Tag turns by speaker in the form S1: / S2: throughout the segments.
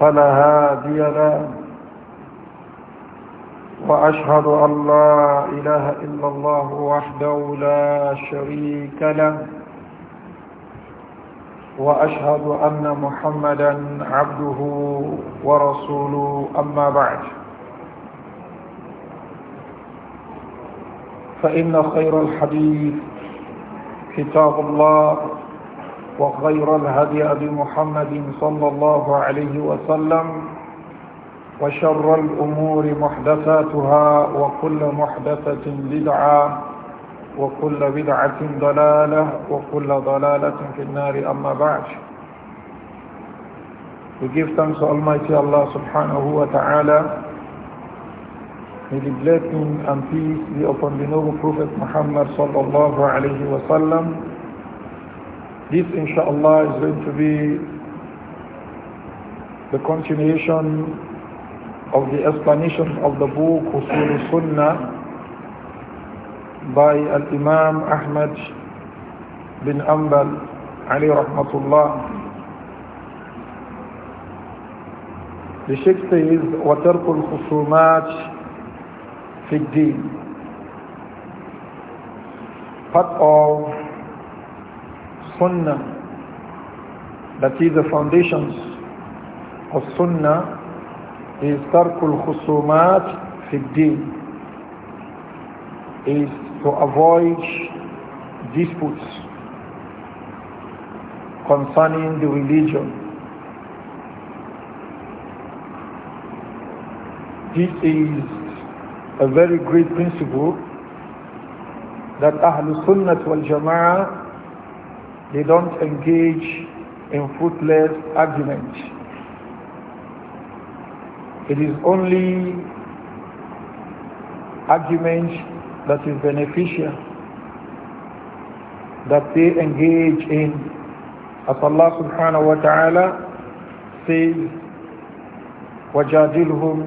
S1: فلا هادي له وأشهد أن لا إله إلا الله وحده لا شريك له وأشهد أن محمدا عبده ورسوله أما بعد فإن خير الحديث كتاب الله وخير الهدي أبي محمد صلى الله عليه وسلم وشر الأمور محدثاتها وكل محدثة بدعة وكل بدعة ضلالة وكل ضلالة في النار أما بعد We give thanks to Almighty Allah subhanahu wa ta'ala May the blessing and peace be upon the noble Prophet Muhammad sallallahu alayhi wa sallam This inshallah is going to be the continuation of the explanation of the book Usul Sunnah by Al-Imam Ahmad bin Ambal Ali Rahmatullah. The Sheikh says, وَتَرْكُ الْخُصُومَاتِ فِي الدِّينِ Part of sunnah that is the foundations of sunnah is tarkul khusumat fi din is to avoid disputes concerning the religion this is a very great principle that Ahlul Sunnah wal Jama'ah they don't engage in fruitless argument. It is only argument that is beneficial that they engage in. As Allah subhanahu wa ta'ala says, وَجَادِلْهُمْ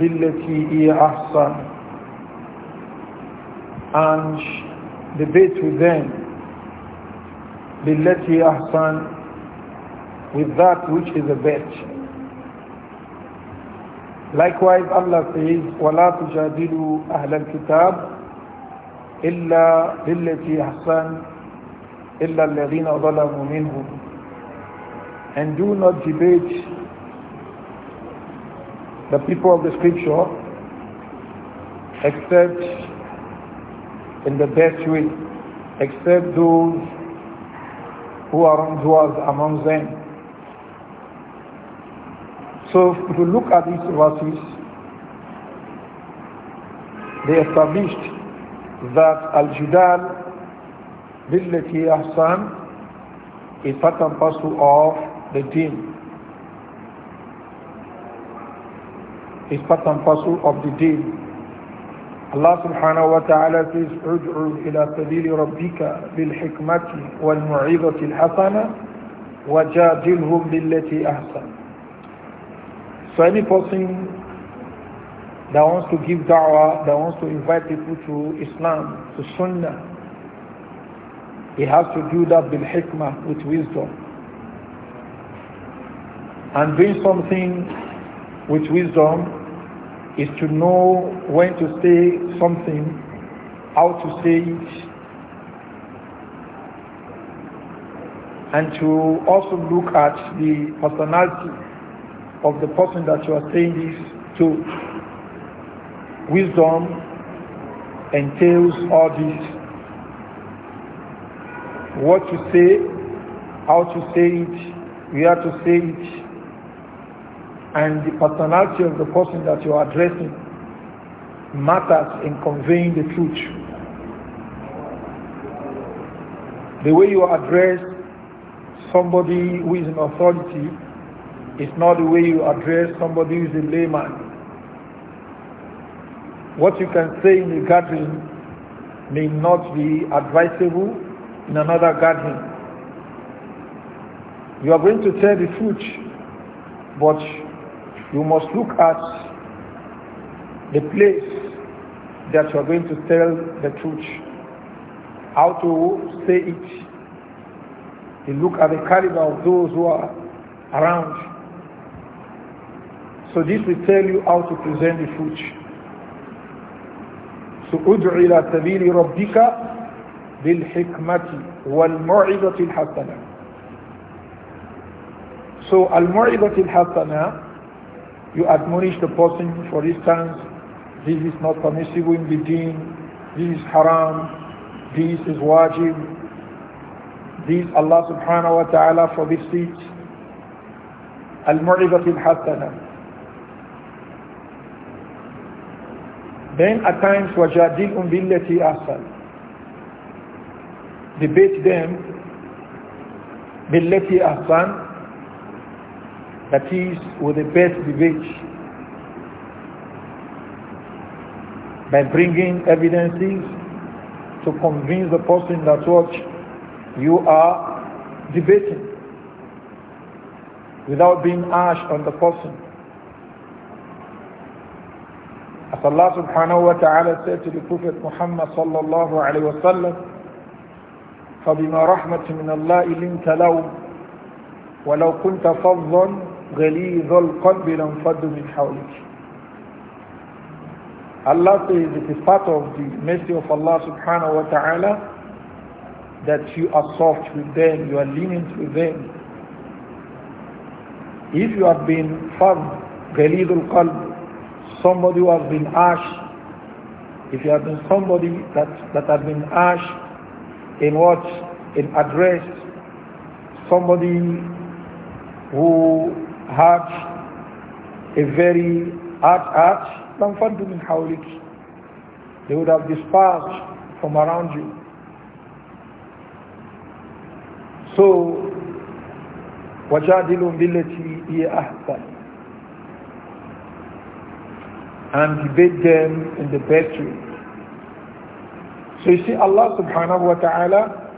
S1: بِالَّتِي هِيَ أَحْسَنُ And debate with them billati ahsan with that which is the best. Likewise, Allah says, وَلَا تُجَادِلُوا أَهْلَ الْكِتَابِ إِلَّا بِالَّتِي أَحْسَنُ إِلَّا الَّذِينَ ظَلَمُوا مِنْهُمْ And do not debate the people of the scripture except in the best way, except those who are wrongdoers among them. So if you look at these verses, they established that al Judal billati ahsan is part and parcel of the deen. Is part and parcel of the deen. Allah subhanahu wa says, Ud'u ila sabili rabbika bil hikmati wal mu'idhati al hasana So any person that wants to give da'wah, that wants to invite people to Islam, to Sunnah, he has to do that bil hikmah, with wisdom. And doing something with wisdom is to know when to say something, how to say it, and to also look at the personality of the person that you are saying this to. Wisdom entails all this. What to say, how to say it, where to say it, and the personality of the person that you are addressing matters in conveying the truth. The way you address somebody who is in authority is not the way you address somebody who is a layman. What you can say in a gathering may not be advisable in another gathering. You are going to tell the truth, but you must look at the place that you are going to tell the truth, how to say it. You look at the caliber of those who are around. So this will tell you how to present the truth. So ادع إلى سبيل ربك بالحكمة والموعظة الحسنة. So al-mu'idatil hasana you admonish the person, for instance, this is not permissible in the deen, this is haram, this is wajib, this Allah subhanahu wa ta'ala forbids it. al al-Hasana. Then at times, وَجَادِلْهُمْ بِالَّتِي أَحْسَنُ Debate them, بِالَّتِي أَحْسَنُ that is with the best debate. By bringing evidences to convince the person that what you are debating without being harsh on the person. As Allah subhanahu wa ta'ala said to the Prophet Muhammad sallallahu alayhi wa sallam, فَبِمَا رَحْمَةٍ مِّنَ اللَّهِ لِنْتَ لَوْمٍ ولو كنت فظا غليظ القلب لانفض من حولك Allah says it is part of the mercy of Allah subhanahu wa ta'ala that you are soft with them, you are lenient with them. If you have been firm, ghalidul qalb, somebody who has been ash, if you have been somebody that, that has been ash in what? In address, somebody who had a very hard heart, لَنْفَدُّ مِنْ They would have dispersed from around you. So, وَجَادِلُمْ بِالَّتِي هِيَ أَحْسَنُ and debate them in the best way. So you see Allah subhanahu wa ta'ala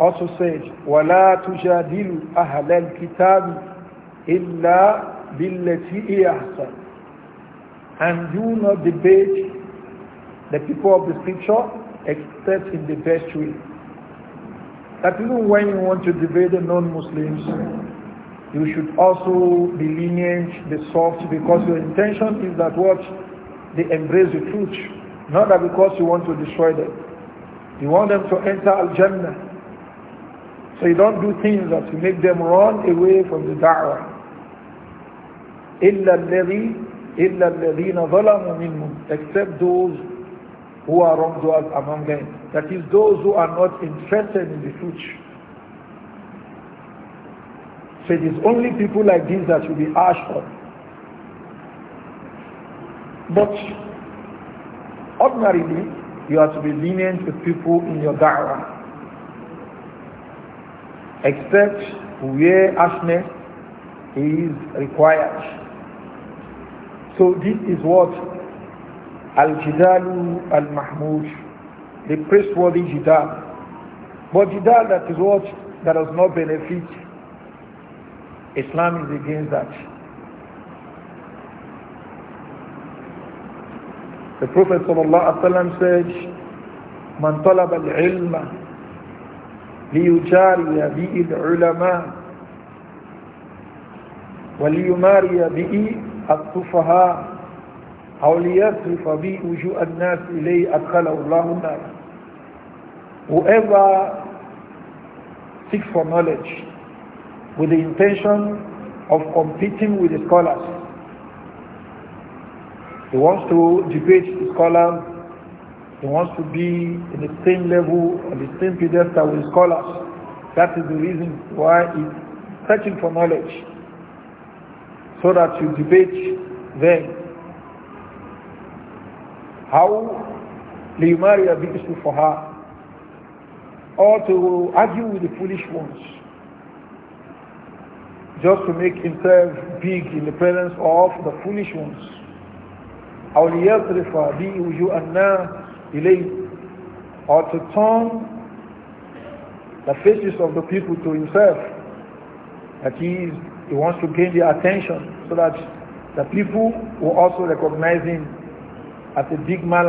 S1: also said, وَلَا تُجَادِلُ أَهْلَ الْكِتَابِ إِلَّا بِالَّتِي أَحْسَنُ And do not debate the people of the scripture except in the best way. That even when you want to debate the non-Muslims, you should also be lenient, be soft, because your intention is that what they embrace the truth, not that because you want to destroy them. You want them to enter Al-Jannah. So you don't do things that will make them run away from the da'wah. إِلَّا الَّذِينَ ظَلَمُوا مِنْهُمْ Except those who are wrongdoers among them. That is those who are not interested in the truth. So it is only people like these that will be asked for. But ordinarily, you are to be lenient with people in your da'wah except where ashne is required. So this is what Al-Jidalu Al-Mahmud, the praiseworthy Jidal. But Jidal that is what that does not benefit, Islam is against that. The Prophet ﷺ said, من al العلم ليجاري به العلماء وليماري به أو ليصرف به الناس إليه أدخله الله النار Whoever seeks for knowledge with the intention of competing with the scholars, he wants to debate the scholars he wants to be in the same level, on the same pedestal with scholars. That is the reason why he's searching for knowledge. So that you debate them. How ليماري for her, or to argue with the foolish ones just to make himself big in the presence of the foolish ones أو ليصرف به وجوه الناس believe or to turn the faces of the people to himself that he, is, he wants to gain their attention so that the people will also recognize him as a big man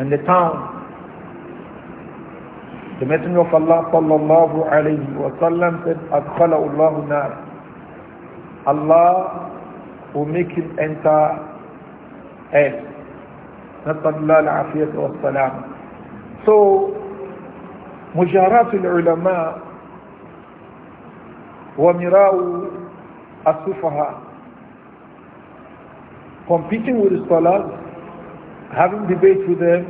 S1: in the town the Messenger of Allah sallallahu alayhi wa sallam said, أَدْخَلَهُ Allah Allah will make him enter hell. نسأل الله العافية والسلام So مجارات العلماء ومراء السفهاء competing with the scholars having debates with them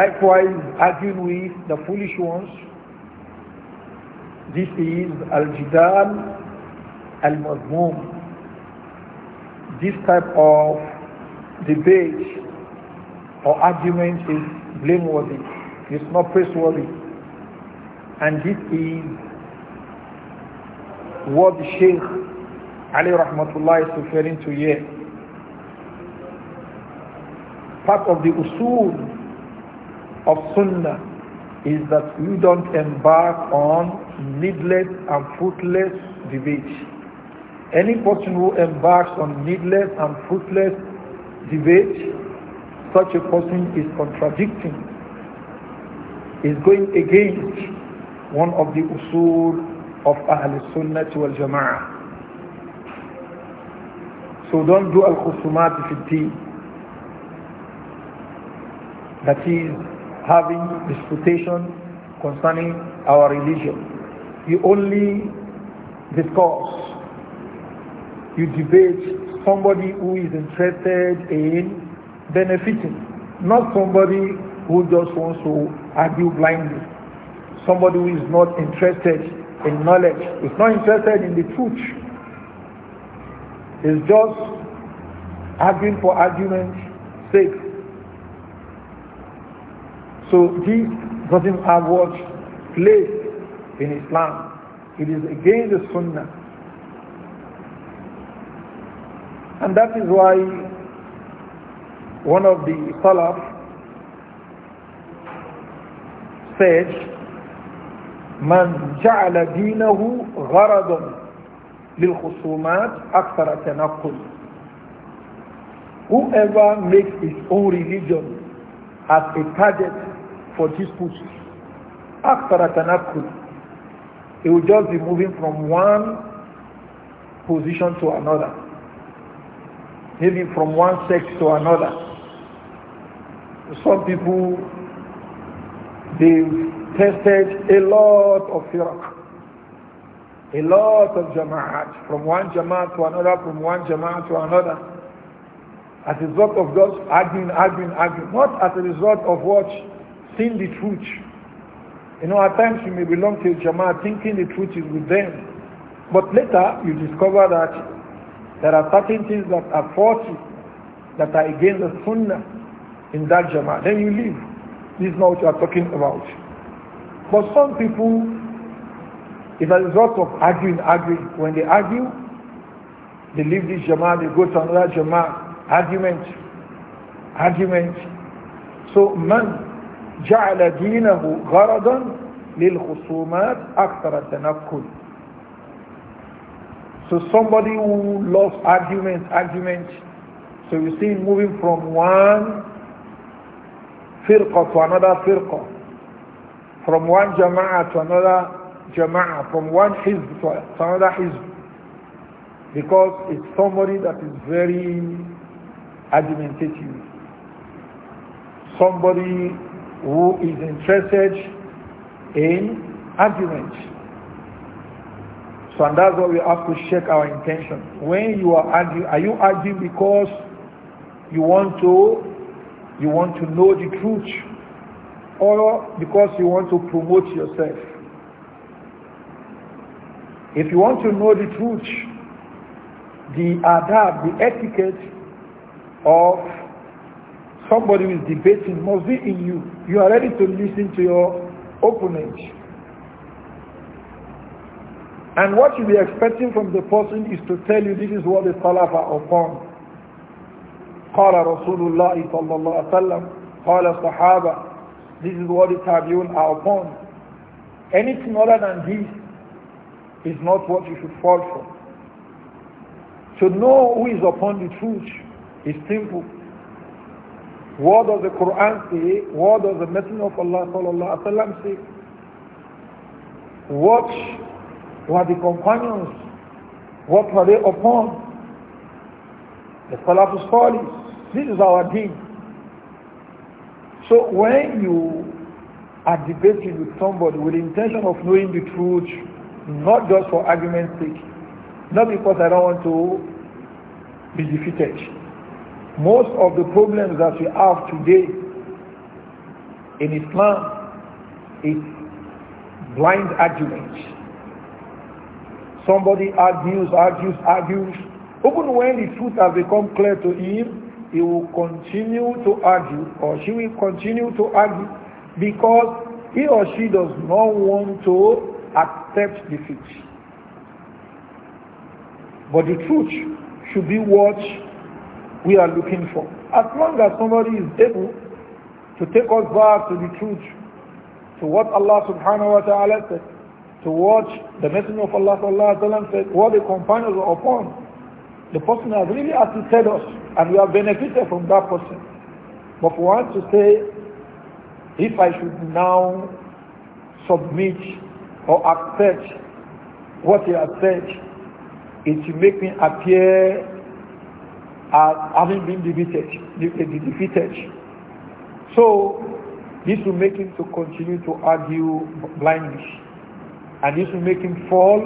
S1: likewise arguing with the foolish ones this is al-jidal al-mazmum this type of debate or argument is blameworthy, it's not praiseworthy. And this is what the Sheikh Ali Rahmatullah is referring to here. Part of the usul of Sunnah is that we don't embark on needless and fruitless debate. Any person who embarks on needless and fruitless debate, such a person is contradicting, is going against one of the usul of Ahl Sunnah wal Jama'ah. So don't do al-khusumat fi That is having disputation concerning our religion. You only discuss you debate somebody who is interested in benefiting, not somebody who just wants to argue blindly, somebody who is not interested in knowledge, is not interested in the truth, is just arguing for argument's sake. So this doesn't have what place in Islam. It is against the Sunnah. And that is why one of the Salaf said, من جعل دينه غرضا للخصومات أكثر تنقل Whoever makes his own religion as a target for disputes, أكثر تنقل He will just be moving from one position to another maybe from one sect to another. Some people, they've tested a lot of firaq, a lot of jama'at, from one jama'at to another, from one jama'at to another. As a result of just arguing, arguing, arguing, not as a result of what? Seeing the truth. You know, at times you may belong to a jama'at thinking the truth is with them, but later you discover that there are certain things that are faulty, that are against the sunnah in that jama'ah. Then you leave. This is not what you are talking about. But some people, it's a result of arguing, arguing. When they argue, they leave this jama'ah, they go to another jama'ah. Argument. Argument. So, man جعل دينه غرضا للخصومات أكثر التنكل so somebody who loves argument, argument. So you see him moving from one firqa to another firqa, from one jama'ah to another jama'ah, from one hizb to another hizb. Because it's somebody that is very argumentative. Somebody who is interested in argument. So and that's why we have to check our intention. When you are arguing, are you arguing because you want to you want to know the truth or because you want to promote yourself? If you want to know the truth, the adab, the etiquette of somebody who is debating must be in you. You are ready to listen to your opponent. And what you be expecting from the person is to tell you this is what the salaf are upon. قال رسول الله صلى الله عليه وسلم قال الصحابة this is what the tabiun are upon. Anything other than this is not what you should fall for. To know who is upon the truth is simple. What does the Quran say? What does the Messenger of Allah sallallahu alaihi wasallam say? Watch were the companions? What were they upon? The Salafus Salih. This is our deen. So when you are debating with somebody with the intention of knowing the truth, not just for argument's sake, not because I don't want to be defeated. Most of the problems that we have today in Islam is blind arguments. Somebody argues, argues, argues. Even when the truth has become clear to him, he will continue to argue or she will continue to argue because he or she does not want to accept defeat. But the truth should be what we are looking for. As long as somebody is able to take us back to the truth, to what Allah subhanahu wa ta'ala said, to watch the Messenger of Allah وسلم, said, what the companions upon. The person has really assisted us and we have benefited from that person. But for us to say, if I should now submit or accept what he has said, it will make me appear as having been defeated. defeated. So this will make him to continue to argue blindly and this will make him fall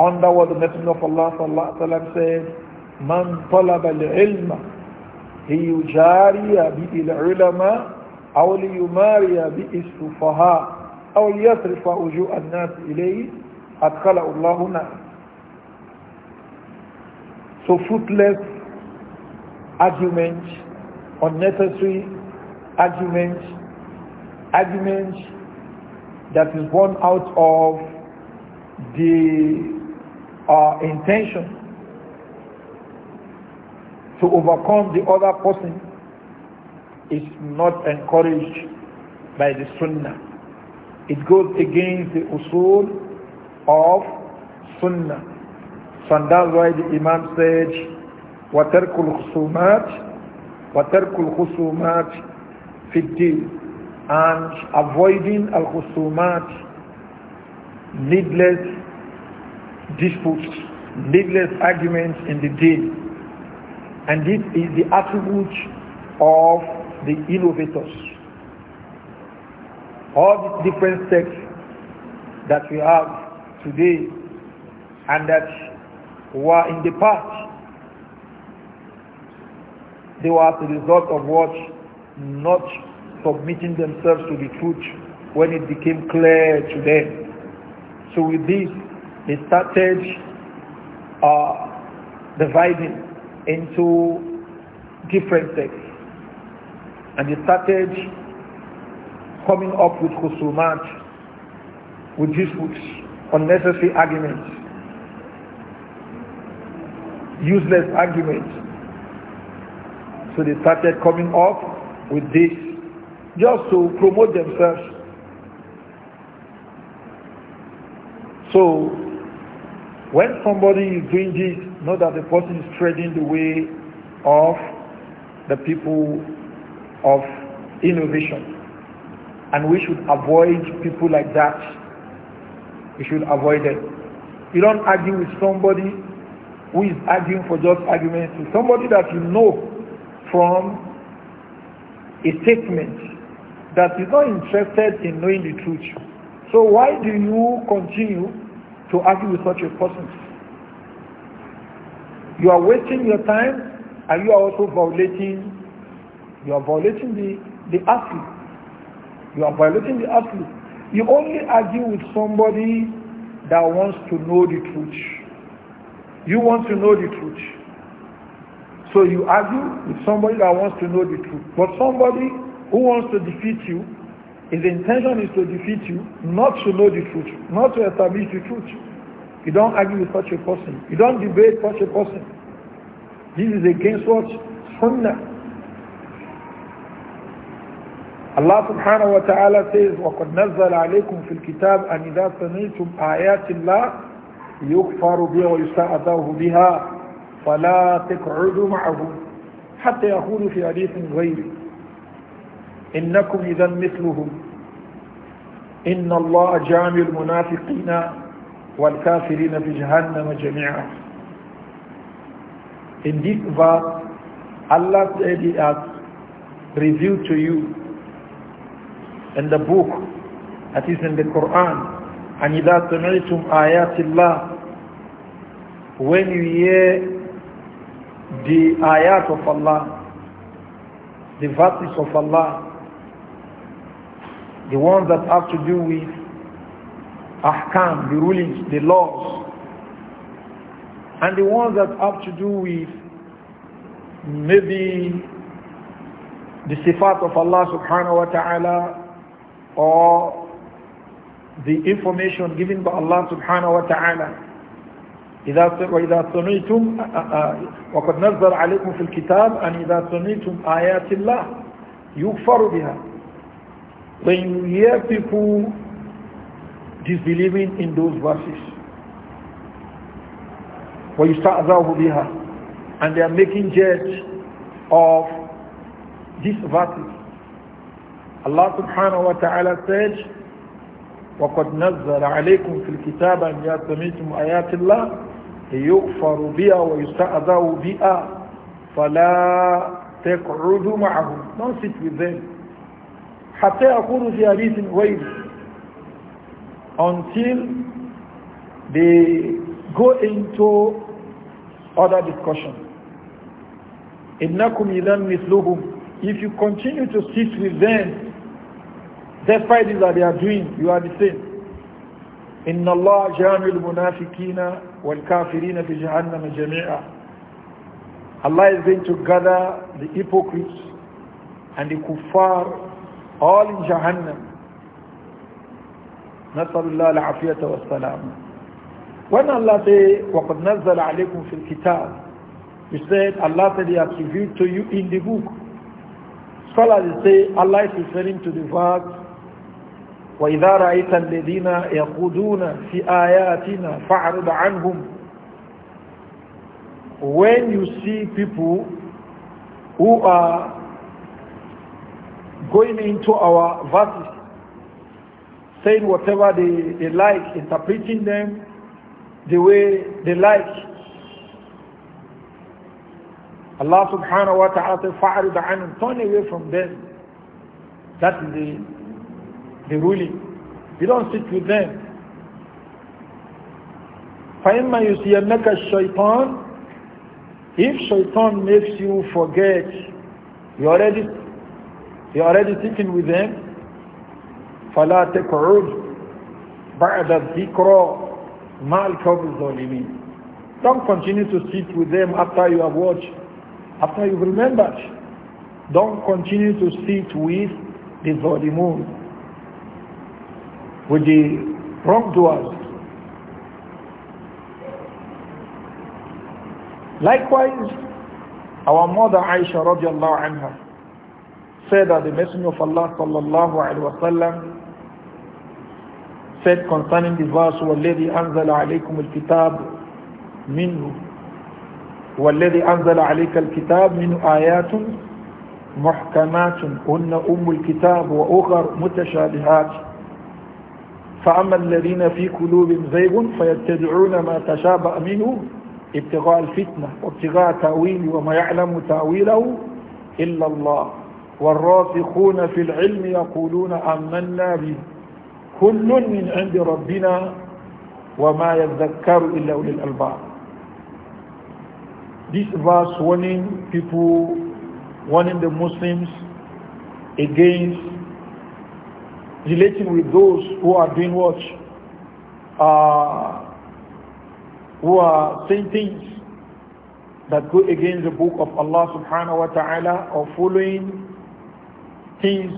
S1: under what the Messenger of Allah sallallahu alaihi said, "Man talaba al-ilma liyujariya bi al-ulama aw liyumariya bi as-sufaha aw yasrifa wujuh an-nas ilayhi adkhala Allahu nar." So fruitless arguments, unnecessary arguments, arguments that is born out of the uh, intention to overcome the other person is not encouraged by the sunnah. It goes against the usul of sunnah. So that's why the Imam said, وَتَرْكُ الْخُصُومَاتِ وَتَرْكُ الْخُصُومَاتِ فِي الدِّينِ and avoiding al-khusumat, needless disputes, needless arguments in the day. And this is the attribute of the innovators. All these different sects that we have today and that were in the past, they were the result of what? Not submitting themselves to the truth when it became clear to them. So with this, they started uh, dividing into different sects. And they started coming up with khusumat, with disputes, unnecessary arguments, useless arguments. So they started coming up with this just to promote themselves. So when somebody is doing this, know that the person is treading the way of the people of innovation. And we should avoid people like that. We should avoid them. You don't argue with somebody who is arguing for just arguments. Somebody that you know from a statement that is not interested in knowing the truth. So why do you continue to argue with such a person? You are wasting your time and you are also violating you are violating the, the asli. You are violating the asli. You only argue with somebody that wants to know the truth. You want to know the truth. So you argue with somebody that wants to know the truth. But somebody who wants to defeat you, his intention is to defeat you, not to know the truth, not to establish the truth. You don't argue with such a person. You don't debate such a person. This is against what? Sunnah. Allah subhanahu wa ta'ala says, وَقَدْ نَزَّلَ عَلَيْكُمْ فِي الْكِتَابِ أَنْ إِذَا سَمِعْتُمْ آيَاتِ اللَّهِ يُكْفَرُ بِهَا وَيُسْتَأْذَوْهُ بِهَا فَلَا تَقْعُدُوا مَعَهُمْ حَتَّى يَقُولُوا فِي حَدِيثٍ غَيْرِهِ إنكم إذا مثلهم إن الله جامع المنافقين والكافرين في جهنم جميعا In this verse, Allah said He has revealed to you in the book that is in the Quran and إذا سمعتم آيات الله when you hear the ayat of Allah the verses of Allah the ones that have to do with ahkam, the rulings, the laws, and the ones that have to do with maybe the sifat of Allah subhanahu wa ta'ala or the information given by Allah subhanahu wa ta'ala. إذا وإذا سمعتم وقد نزل عليكم في الكتاب أن إذا سمعتم آيات الله يكفر بها when you hear people disbelieving in those verses, when you start biha, and they are making judge of this verses, Allah subhanahu wa ta'ala says, وقد نزل عليكم في الكتاب أن يأتميتم آيات الله ليغفر بها ويستأذوا بها فلا تقعدوا معهم don't sit with them حتى يقول في حديث غيره until they go into other discussion إنكم إذا مثلهم if you continue to sit with them despite this that they are doing you are the same Inna Allah jami جامع المنافقين والكافرين fi جهنم جميعا Allah is going to gather the hypocrites and the kuffar all in Jahannam. نسأل الله العافية والسلام When Allah say, وَقَدْ نَزَّلَ عَلَيْكُمْ فِي الْكِتَابِ He said, Allah said He has revealed to you in the book. Scholars say, Allah is referring to the verse, وَإِذَا رَأَيْتَ الَّذِينَ يَقُودُونَ فِي آيَاتِنَا فَعْرُدَ عَنْهُمْ When you see people who are going into our verses, saying whatever they, they like, interpreting them the way they like. Allah subhanahu wa ta'ala said, فَعَرِضَ عَنْهُمْ Turn away from them. That is the, the ruling. You don't sit with them. فَإِمَّا يُسِيَنَّكَ الشَّيْطَانِ If shaitan makes you forget, you already you're already sitting with them. فَلَا تَقْعُدْ بَعْدَ الذِّكْرَ مَا الْكَوْمِ الظَّالِمِينَ Don't continue to sit with them after you have watched, after you've remembered. Don't continue to sit with the Zalimun, with the wrongdoers. Likewise, our mother Aisha radiallahu anha, said that the Messenger of Allah sallallahu wa sallam said concerning the verse وَالَّذِي أَنزَلَ عَلَيْكُمُ الْكِتَابُ مِنْهُ وَالَّذِي أَنزَلَ عَلَيْكَ الْكِتَابُ مِنْهُ آيَاتٌ محكمات هن أم الكتاب وأخر متشابهات فأما الذين في قلوبهم زيغ فيتبعون ما تشابه منه ابتغاء الفتنة وابتغاء تأويل وما يعلم تأويله إلا الله والراسخون في العلم يقولون آمنا به كل من عند ربنا وما يذكر إلا أولي الألباب This verse warning people, warning the Muslims against relating with those who are doing what? Uh, who are saying things that go against the book of Allah subhanahu wa ta'ala or following things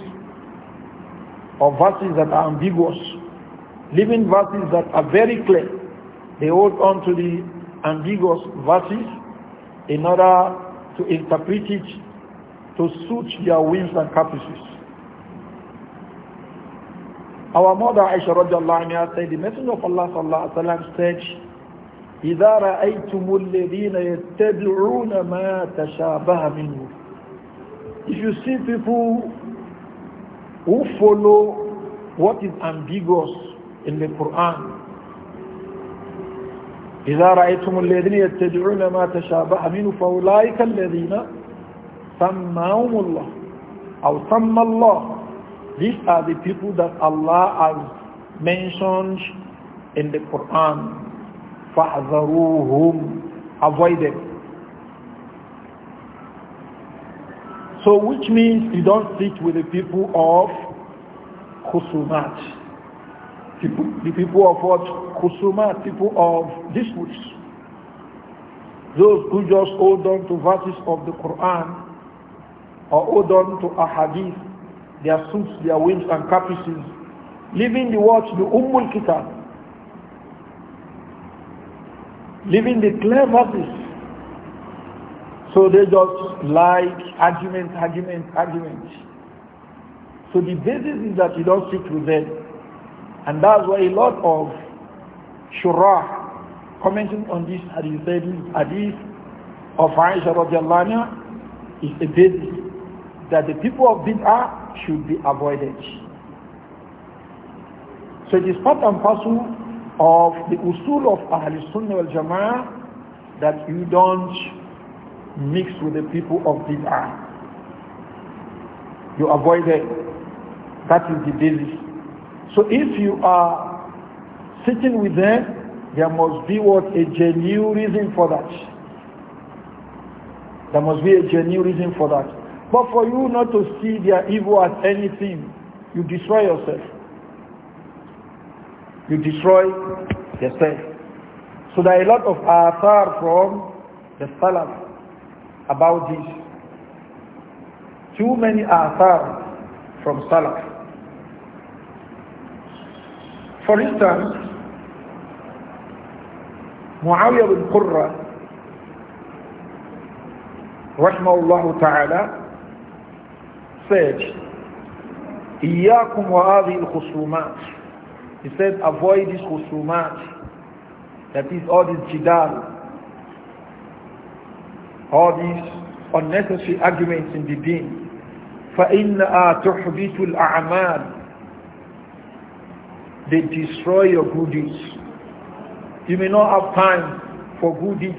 S1: or verses that are ambiguous, leaving verses that are very clear. They hold on to the ambiguous verses in order to interpret it to suit their whims and caprices. Our mother Aisha radiallahu anha said, the Messenger of Allah sallallahu alayhi wa sallam said, إذا رأيتم الذين يتبعون ما تشابه منه If you see people who follow what is ambiguous in the Quran. إذا رأيتم الذين يتبعون ما تشابه منه فأولئك الذين سماهم الله أو سمى الله These are the people that Allah has mentioned in the Quran. فَأَذَرُوهُمْ Avoid them. So which means you don't sit with the people of Kusumat. People, the people of what? Kusumat? people of disputes. Those who just hold on to verses of the Quran or hold on to ahadith, their suits, their wings and caprices, leaving the watch, the Ummul Kitab, leaving the clear verses so they just like argument, argument, argument. So the basis is that you don't stick with them. And that's why a lot of shura commenting on this hadith, hadith of Aisha radiallahu anha is a basis that the people of bid'ah should be avoided. So it is part and parcel of the usul of Ahl Sunnah wal Jama'ah that you don't mix with the people of this earth, You avoid it. That is the basis. So if you are sitting with them, there must be what a genuine reason for that. There must be a genuine reason for that. But for you not to see their evil as anything, you destroy yourself. You destroy yourself. So there are a lot of athar from the Salaf about this. Too many far from Salaf. For instance, Muawiyah bin Qurra rahimahullah ta'ala said إياكم وهذه الخصومات he said avoid this khusumat that is all this jidal all these unnecessary arguments in the deen فَإِنَّا تُحْبِتُ الْأَعْمَالِ They destroy your good deeds. You may not have time for good deeds.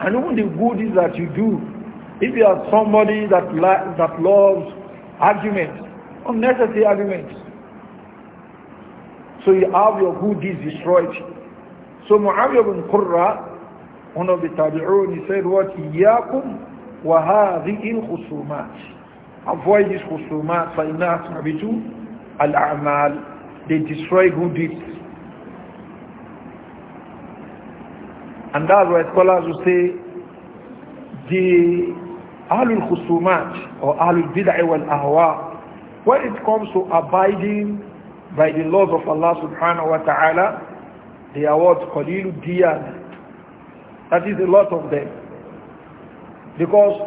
S1: And even the good deeds that you do, if you are somebody that, that loves arguments, unnecessary arguments, so you have your good deeds destroyed. So Muawiyah bin Qurra one of the tabi'un, he said what? إِيَّاكُمْ وَهَذِهِ الْخُصُومَاتِ Avoid this khusumat, فَإِنَّا أَسْمَبِتُ الْأَعْمَالِ They destroy good deeds. And that's why scholars will say the al Khusumat or Ahlul Bid'ah al Ahwa, when it comes to abiding by the laws of Allah subhanahu wa ta'ala, they are what? Qalilul Diyan. That is a lot of them. Because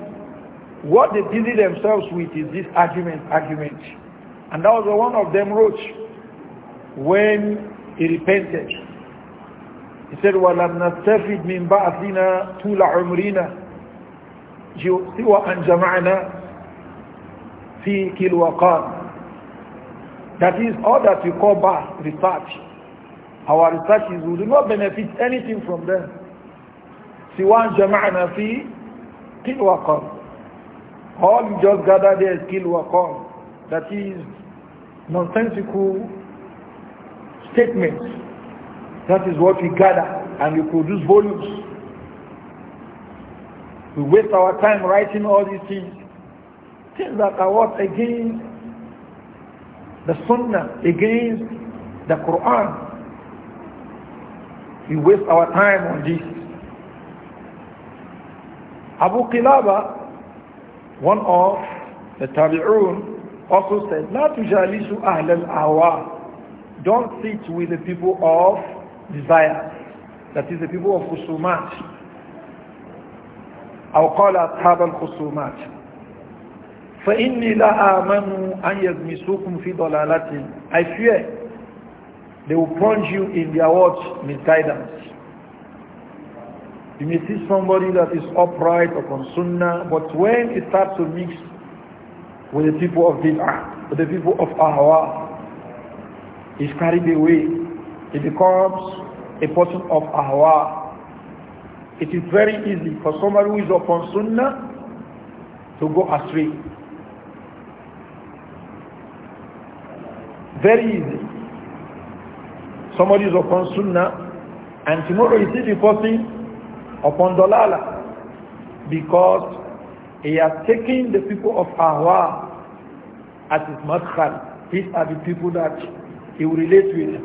S1: what they busy themselves with is this argument, argument. And that was one of them wrote when he repented. He said, وَلَمْ نَسْتَفِدْ مِنْ بَعْثِنَا طُولَ عُمْرِنَا سوى أن جمعنا في كلوقان That is all that we call back research. Our researches will not benefit anything from them. Siwan jama'na fi qil wa qal. All you just gather there is kill wa That is nonsensical statements. That is what we gather and we produce volumes. We waste our time writing all these things. Things that are what against the Sunnah, against the Quran. We waste our time on this. Abu Qilaba, one of the Tabi'un, also said, La tujalisu ahl al-awa. Don't sit with the people of desire. That is the people of khusumat. أو قال أصحاب الخصومات فإني لا آمن أن يزمسوكم في ضلالة I fear they will plunge you in their words misguidance you may see somebody that is upright upon sunnah, but when it starts to mix with the people of bid'ah, with the people of ahwa, he's carried away. He becomes a person of ahwa. It is very easy for somebody who is upon sunnah to go astray. Very easy. Somebody is upon sunnah and tomorrow you see the person upon Dalala because he has taken the people of Ahwa as his madkhal. These are the people that he will relate with.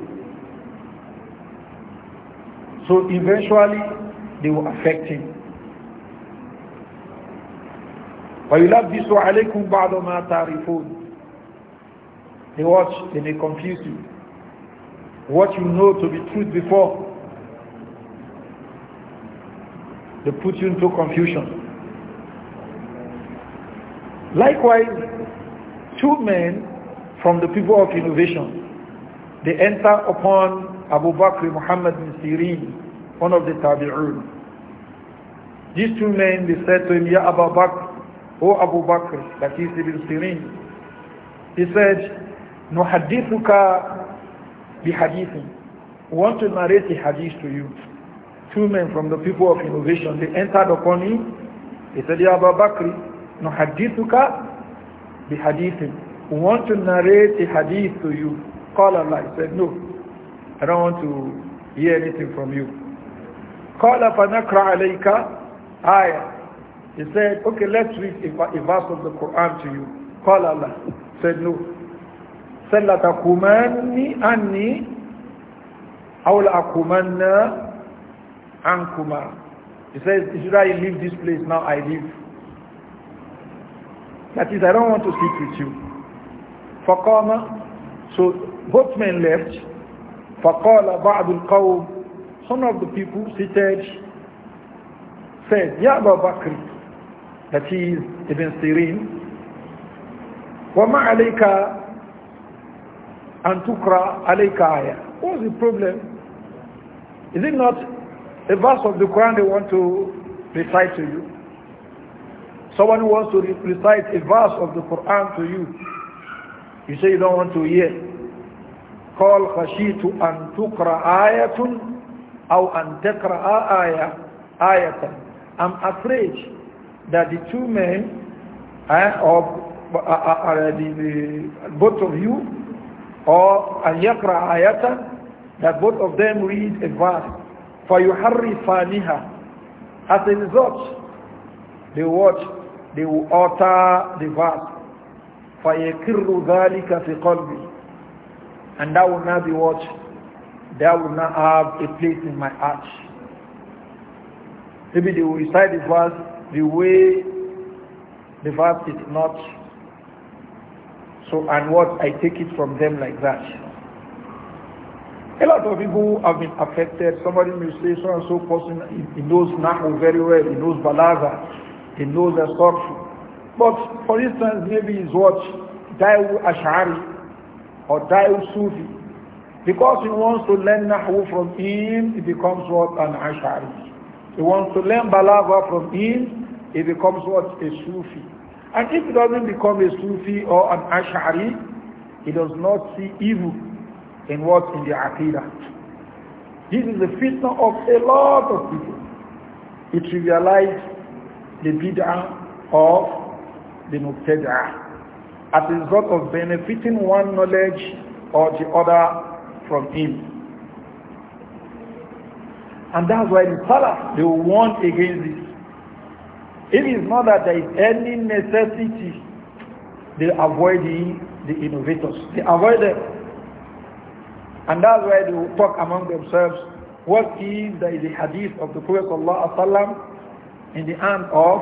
S1: So eventually they will affect him. وَيُلَبِّسُ عَلَيْكُمْ بَعْضَ مَا تَعْرِفُونَ They watch, they may confuse you. What you know to be truth before, they put you into confusion. Likewise, two men from the people of innovation, they enter upon Abu Bakr Muhammad bin Sirin, one of the Tabi'un. These two men, they said to him, Ya Abu Bakr, O Abu Bakr, that is Ibn Sirin. He said, نحدثك بحديث. We want to narrate a hadith to you two men from the people of innovation, they entered upon him. He said, Ya Abu Bakr, nuhadithuka bihadithin. We want to narrate a hadith to you. Call Allah. He said, no, I don't want to hear anything from you. Call fanakra alayka ayah. He said, okay, let's read a, verse of the Quran to you. Call Allah. He said, no. سلتكمني anni, أو ankuma. He says, should I leave this place? Now I leave. That is, I don't want to sleep with you. Fakama, So both men left. Fakala, بَعْضُ Kau, Some of the people seated said, "Ya Abu Bakr, That he is Ibn Sirin. وَمَا عَلَيْكَ أَن تُقْرَى عَلَيْكَ آيَةً What's the problem? Is it not a verse of the Quran they want to recite to you. Someone who wants to recite a verse of the Quran to you. You say you don't want to hear. Call خشيت ان tukra ayatun, آية أو أن تقرأ آية آية. I'm afraid that the two men eh, or uh uh, uh, uh, the, the, both of you or أن that both of them read a verse فَيُحَرِّفَانِهَا As a result, they watch, they will alter the verse. فَيَكِرُّ ذَلِكَ فِي قَلْبِي And that will not be what? That will not have a place in my heart. Maybe they will recite the verse the way the verse is not. So, and what I take it from them like that. A lot of people have been affected. Somebody may say so and so person, he, knows Nahu very well, he knows balaza, he knows the sort. But for instance, maybe he's what Dayu Ash'ari or Dayu Sufi. Because he wants to learn Nahu from him, he becomes what? An Ash'ari. He wants to learn balaza from him, he becomes what? A Sufi. And if he doesn't become a Sufi or an Ash'ari, he does not see evil in what? In the Aqidah. This is the fitna of a lot of people. It trivialized the bid'ah of the mubtad'ah as a result of benefiting one knowledge or the other from him. And that's why the Salaf, they will warn against this. It is not that there is any necessity, they avoid the, the innovators. They avoid them. And that's why they will talk among themselves, what is the, the hadith of the Prophet ﷺ in the hand of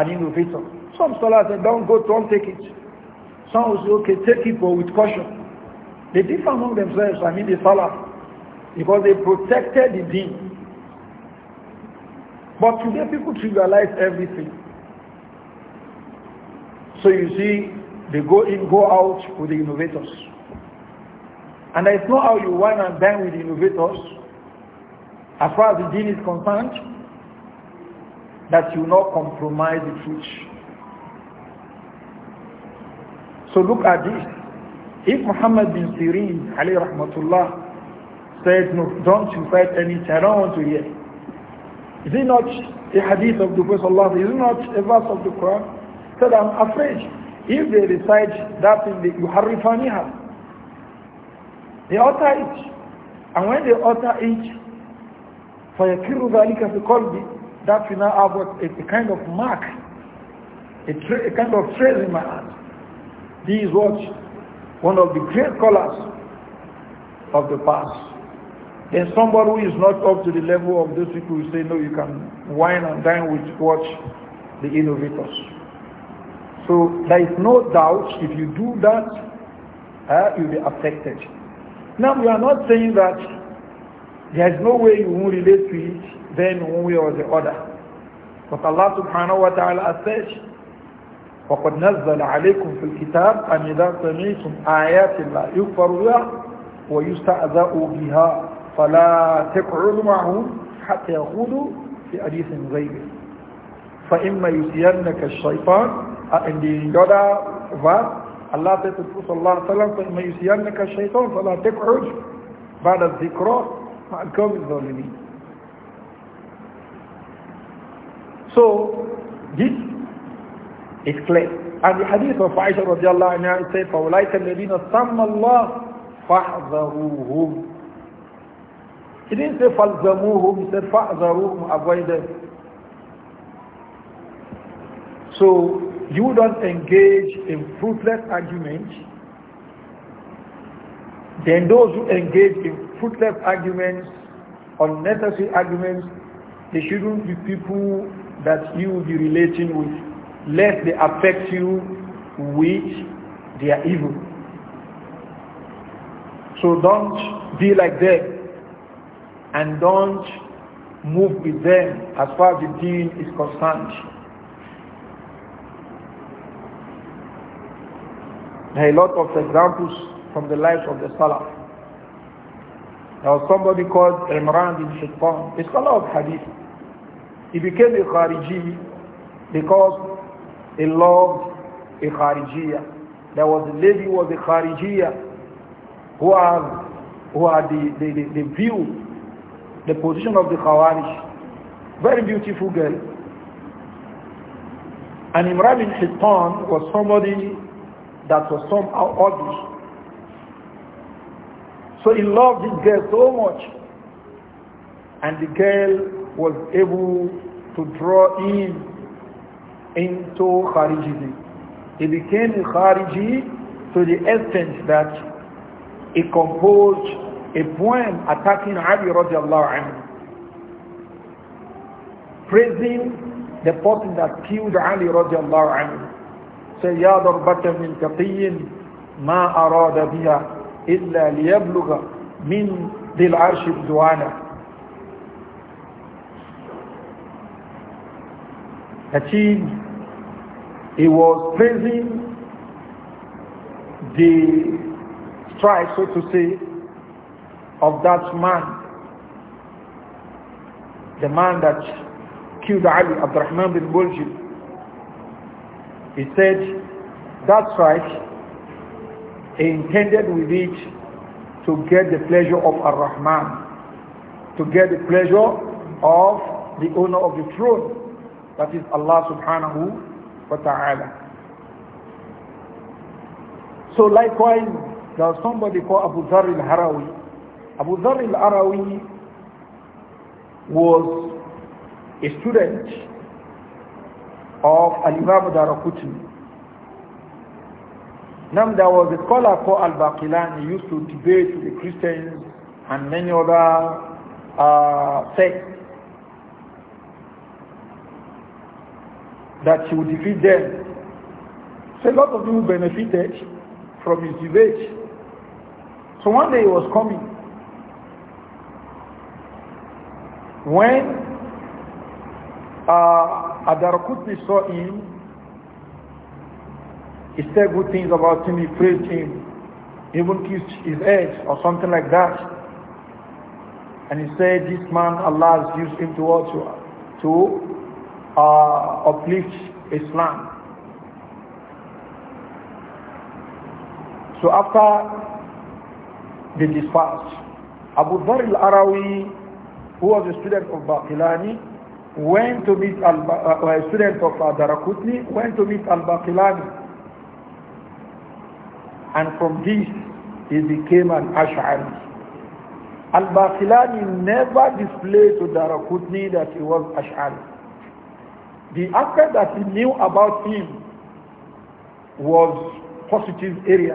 S1: an innovator. Some scholars say, don't go, don't take it. Some will say, okay, take it, but with caution. They differ among themselves, I mean the Salaf, because they protected the deen. But today people trivialize everything. So you see, they go in, go out with the innovators. And it's not how you wine and dine with innovators. As far as the deen is concerned, that you not compromise the truth. So look at this. If Muhammad bin Sirin, Ali rahmatullah, said, no, don't invite any I don't want to hear. Is it not a hadith of the Prophet Allah? Is it not a verse of the Quran? He said, I'm afraid. If they recite that in the Yuharrifaniha, they utter it. And when they utter it, for a فَيَكِرُ ذَلِكَ فِي قَلْبِ That we now have a, a kind of mark, a, a kind of trace in my hand. This is what one of the great colours of the past. Then somebody who is not up to the level of those people who say, no, you can wine and dine with what the innovators. So there is no doubt if you do that, uh, you'll be affected. Now, we are not saying that there is no way you will relate to it, then one way or the other. But Allah subhanahu wa ta'ala says, وقد نزل عليكم في الكتاب أن إذا سمعتم آيات الله يكفر بها بها فلا تقعدوا معهم حتى يخوضوا في حديث غَيْبٍ." فإما يسينك الشيطان and the other verse Allah said to the Prophet sallallahu alayhi wa sallam, shaitan, فَلَا تَقْعُدْ بَعْدَ الذِّكْرَى مَا الْكَوْمِ الظَّالِمِينَ So, this is clear. And the hadith of Aisha radiallahu anha it says, فَوْلَيْكَ الَّذِينَ سَمَّ اللَّهِ فَحْذَرُوهُمْ He didn't say فَالْزَمُوهُمْ, he said فَحْذَرُوهُمْ, avoid them. So, you don't engage in fruitless argument, then those who engage in fruitless arguments, unnecessary arguments, they shouldn't be people that you will be relating with, lest they affect you with their evil. So don't be like them and don't move with them as far as the deen is concerned. a lot of examples from the lives of the Salaf. There was somebody called Imran bin Shaitan, a scholar of Hadith. He became a Khariji because he loved a Kharijiyah. There was a lady who was a Kharijiyah who had, who had the, the, the, the view, the position of the Khawarij. Very beautiful girl. And Imran bin Shaitan was somebody that was somehow ugly. So he loved this girl so much. And the girl was able to draw him into Khariji. He became a Khariji to the extent that he composed a poem attacking Ali radiallahu anhu, praising the person that killed Ali radiallahu anhu. يا ضربة من تقي ما أراد بها إلا ليبلغ من ذي العرش بدعانة achieved he was praising the strife so to say of that man the man that killed Ali Abdurrahman bin Buljib He said, that's right. He intended with it to get the pleasure of Ar-Rahman, to get the pleasure of the owner of the throne, that is Allah subhanahu wa ta'ala. So likewise, there was somebody called Abu Dhar al-Harawi. Abu Dhar al-Harawi was a student of Al-Imam Darakutni. Now there was a scholar called Al-Baqilani used to debate with the Christians and many other uh, sects that he would defeat them. So a lot of them benefited from his debate. So one day he was coming. When uh, Adarakutni saw him. He said good things about him. He praised him. Even kissed his head or something like that. And he said, this man, Allah has used him to, to, to uh, uplift Islam. So after the dispatch, Abu Dhar al-Arawi, who was a student of Baqilani, went to meet Al uh, uh, a student of uh, Darakutni, went to meet Al-Baqilani. And from this, he became an Ash'ari. Al-Baqilani never displayed to Darakutni that he was Ash'ari. The aspect that he knew about him was positive area.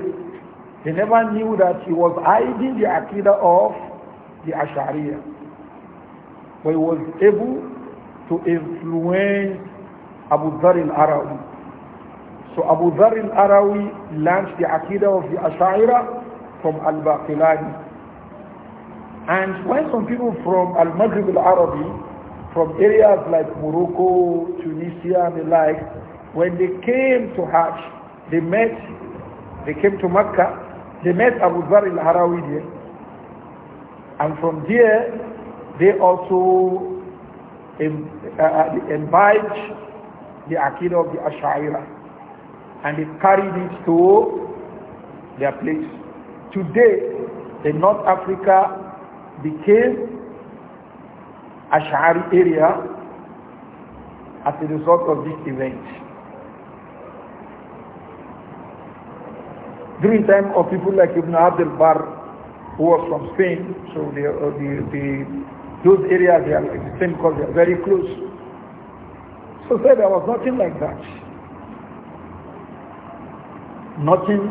S1: He never knew that he was hiding the Aqidah of the Ash'ariya. But he was able to influence Abu Dhar al-Arawi. So Abu Dhar al-Arawi launched the Aqidah of the Ash'ira from al-Baqilani. And when some people from al-Maghrib al-Arabi, from areas like Morocco, Tunisia and the like, when they came to Hajj, they met, they came to Mecca, they met Abu Dhar al-Harawi there. And from there, they also uh, uh, imbibed the Aqidah of the Ash'ira and they carried it to their place. Today, in North Africa became Ash'ari area as a result of this event. During time of people like Ibn al Bar, who was from Spain, so the, uh, the, the those areas, they are like the same because they are very close. So say there was nothing like that. Nothing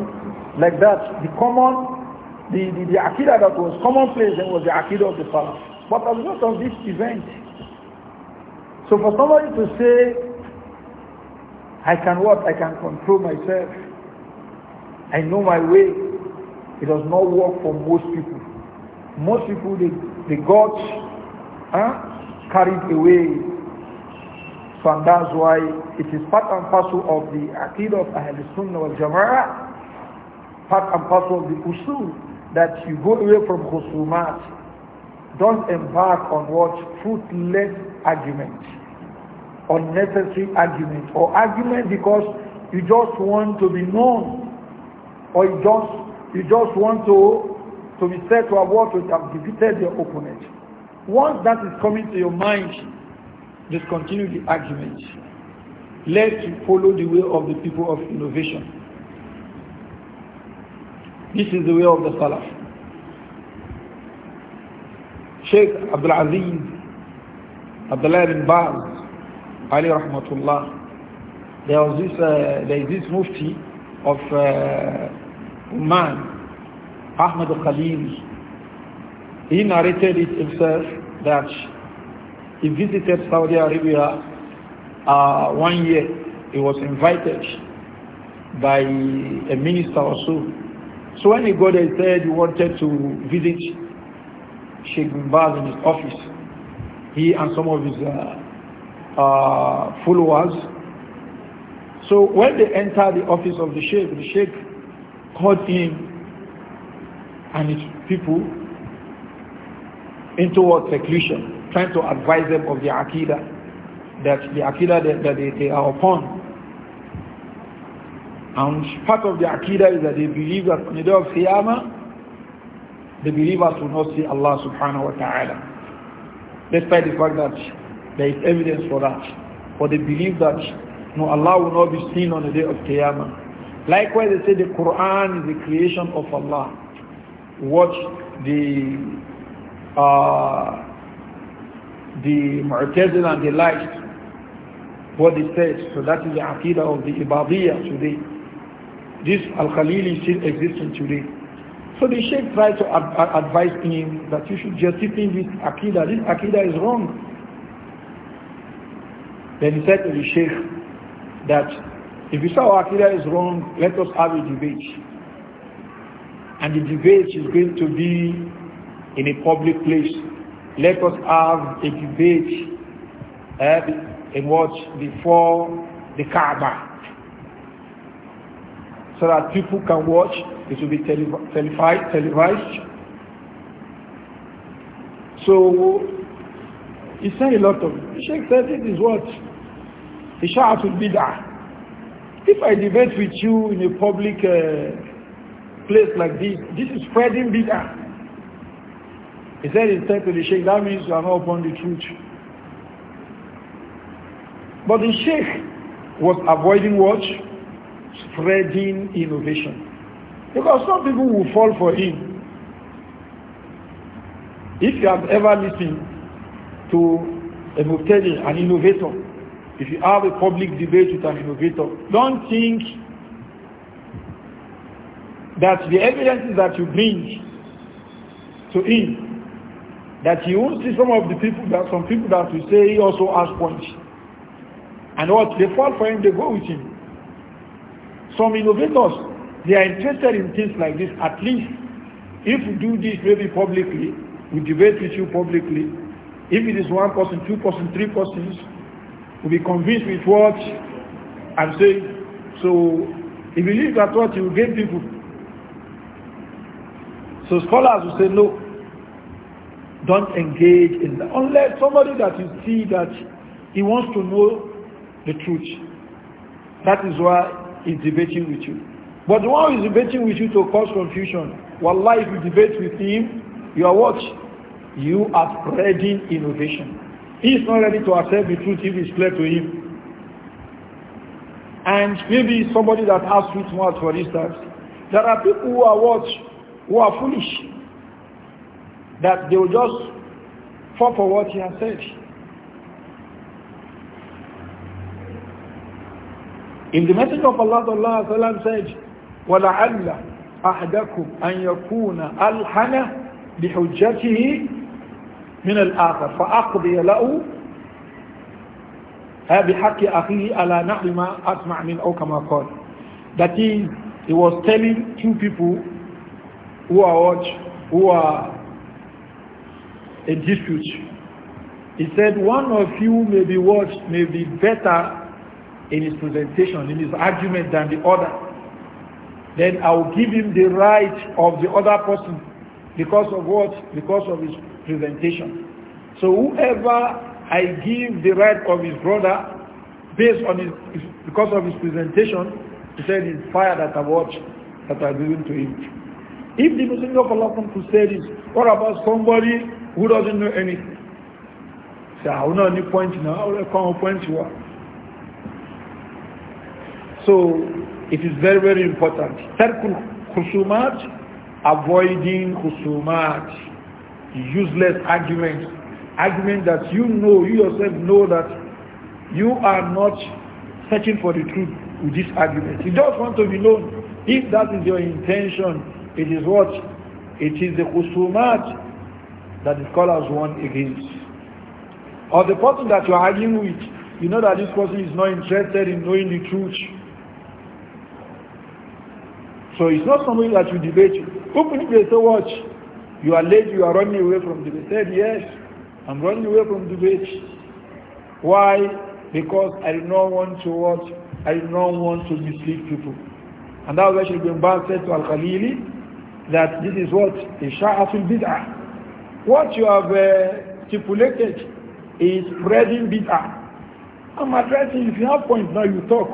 S1: like that. The common, the, the, the Akira that was commonplace then was the Akira of the palace. But as a result of this event, so for somebody to say, I can what? I can control myself. I know my way. It does not work for most people. Most people, they, they got huh, carried away. So and that's why it is part and parcel of the Aqidah of Ahl Sunnah wal Jama'ah, part and parcel of the usul that you go away from khusumat. Don't embark on what fruitless argument, unnecessary argument, or argument because you just want to be known, or you just you just want to to be said to have what to have defeated your opponent. Once that is coming to your mind, discontinue the argument. Let us follow the way of the people of innovation. This is the way of the Salaf. Sheikh Abdul Aziz, Abdullah bin Baz, Ali Rahmatullah, there was this, uh, there is this mufti of uh, Oman, Ahmed al-Khalil, he narrated it himself that he visited Saudi Arabia uh, one year. He was invited by a minister or so. So when he got there, he said he wanted to visit Sheikh bin Baz in his office. He and some of his uh, uh, followers. So when they entered the office of the Sheikh, the Sheikh called him and his people into what seclusion, trying to advise them of the Aqidah, that the Aqidah that, that they, they are upon. And part of the Aqidah is that they believe that on the day of Qiyamah, the believers will not see Allah subhanahu wa ta'ala. Despite the fact that there is evidence for that. But they believe that no, Allah will not be seen on the day of Qiyamah. Likewise, they say the Quran is the creation of Allah. What the uh, the Mu'tazila and the like, what they says, So that is the Aqidah of the Ibadiyah today. This Al-Khalili still existing today. So the Sheikh tried to ad advise him that you should just justify this Aqidah. This Aqidah is wrong. Then he said to the Sheikh that if you saw our Aqidah is wrong, let us have a debate. And the debate is going to be in a public place. Let us have a debate uh, and watch before the Kaaba so that people can watch. It will be televised. So he said a lot of the Sheikh said it is what? The Shah should be there. If I debate with you in a public uh, place like this, this is spreading bigger." He said it's to the sheikh, that means you are not upon the truth. But the sheikh was avoiding what? Spreading innovation. Because some people will fall for him. If you have ever listened to a Muftedi, an innovator, if you have a public debate with an innovator, don't think that the evidences that you bring to him that you won't see some of the people that some people that will say he also has points. And what they fall for him, they go with him. Some innovators, they are interested in things like this. At least if we do this maybe publicly, we debate with you publicly. If it is one person, two person, three persons, we'll be convinced with what I'm saying. So if you leave that what you gain people. So scholars will say no, don't engage in that. Unless somebody that you see that he wants to know the truth. That is why he's debating with you. But the one who is debating with you to cause confusion, wallah, if you debate with him, you are what? You are spreading innovation. He is not ready to accept the truth if it's clear to him. And maybe somebody that has sweet mouth, for instance, there are people who are what? Who are foolish that they will just fall for what he has said. If the Messenger of Allah وسلم, said, وَلَعَلَّ أَحْدَكُمْ أَنْ يَكُونَ أَلْحَنَ بِحُجَّتِهِ مِنَ الْآخَرِ فَأَقْضِيَ لَهُ بِحَقِّ أَخِيهِ أَلَا نَحْلِ مَا أَسْمَعْ مِنْ أَوْ كَمَا قَالَ That is, he was telling two people who are what? Who are a dispute. He said, one of you may be worse, may be better in his presentation, in his argument than the other. Then I will give him the right of the other person because of what? Because of his presentation. So whoever I give the right of his brother based on his, because of his presentation, he said it's fire that I watch that I given to him. If the Messenger of Allah comes to say this, what about somebody who doesn't know anything? Say, I do not any point now, I will come point you are. So it is very, very important. Tarkul khusumat, avoiding khusumat, useless arguments. Arguments that you know, you yourself know that you are not searching for the truth with this argument. You just want to be known. If that is your intention, it is what? It is the khusumat that the scholars warn against. Or the person that you are arguing with, you know that this person is not interested in knowing the truth. So it's not something that you debate. Open the say, watch, you are late, you are running away from debate. Said, yes, I'm running away from debate. Why? Because I do not want to watch, I do not want to mislead people. And that's why actually bin Baz said to Al-Khalili, that this is what Isha'atul Bid'ah. What you have uh, stipulated is spreading Bid'ah. I'm addressing, if you have points now, you talk.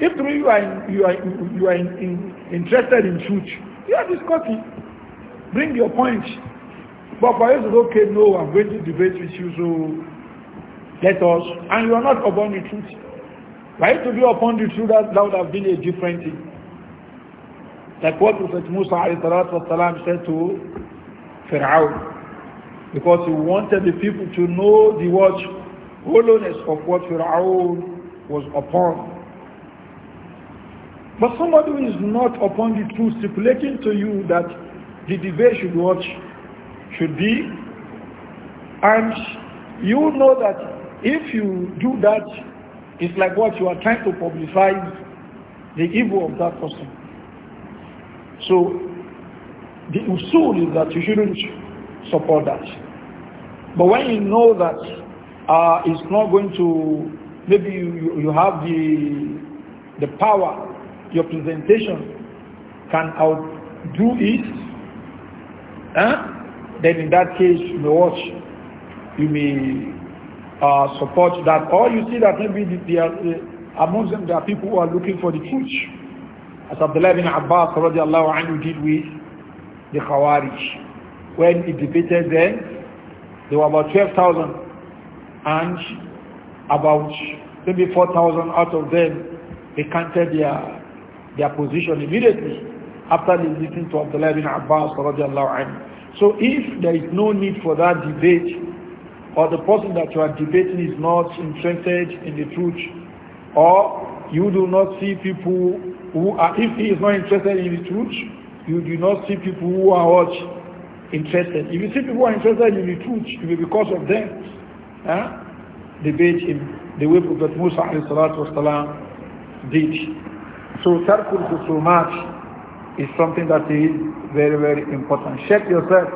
S1: If you are, in, you are, you are in, interested in truth, you are discussing. Bring your point. But for you to okay, no, I'm going to debate with you, so let us. And you are not upon the truth. Right to be upon the truth, that, that would have been a different thing. Like what Prophet Musa والسلام, said to Pharaoh, Because he wanted the people to know the what, hollowness of what Pharaoh was upon. But somebody who is not upon the truth stipulating to you that the debate should watch should be and you know that if you do that it's like what you are trying to publicize the evil of that person. So the usul is that you shouldn't support that. But when you know that uh, it's not going to, maybe you, you have the, the power, your presentation can outdo it, eh? then in that case you may watch, you may uh, support that. Or you see that maybe the, the, uh, among them there are people who are looking for the truth as Abdullah bin Abbas radiallahu anhu did with the Khawarij. When he defeated them, there were about 12,000 and about maybe 4,000 out of them, they their, their position immediately after they listened to Abdullah bin Abbas radiallahu anhu. So if there is no need for that debate, or the person that you are debating is not interested in the truth, or you do not see people who are, if he is not interested in the truth, you do not see people who are what? Interested. If you see people who are interested in the truth, it will be because of them. Huh? Debate him the way Prophet Musa والسلام, did. So Tarkul Khusumat is something that is very, very important. Check yourself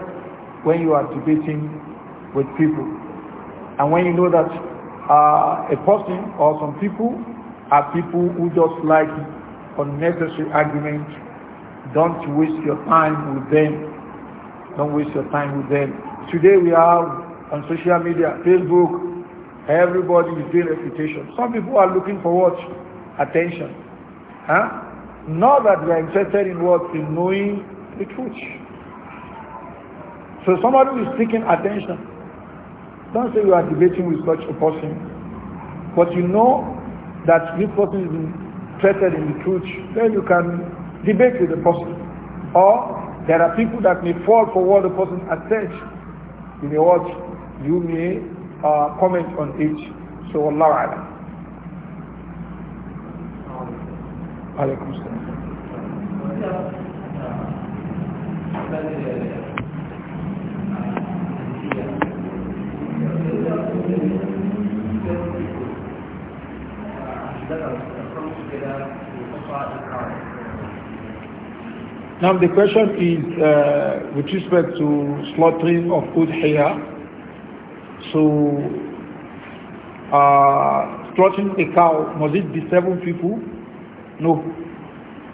S1: when you are debating with people. And when you know that uh, a person or some people are people who just like unnecessary argument. Don't waste your time with them. Don't waste your time with them. Today we have on social media, Facebook, everybody is doing reputation. Some people are looking for what? Attention. Huh? Not that we are interested in what? In knowing the truth. So somebody is seeking attention. Don't say you are debating with such a person. But you know that this person is interested in the truth, then you can debate with the person. Or there are people that may fall for what the person has said. You may watch, you may uh, comment on it. So Allah now the question is uh, with respect to slaughtering of udhiyah. So uh, slaughtering a cow, must it be seven people? No.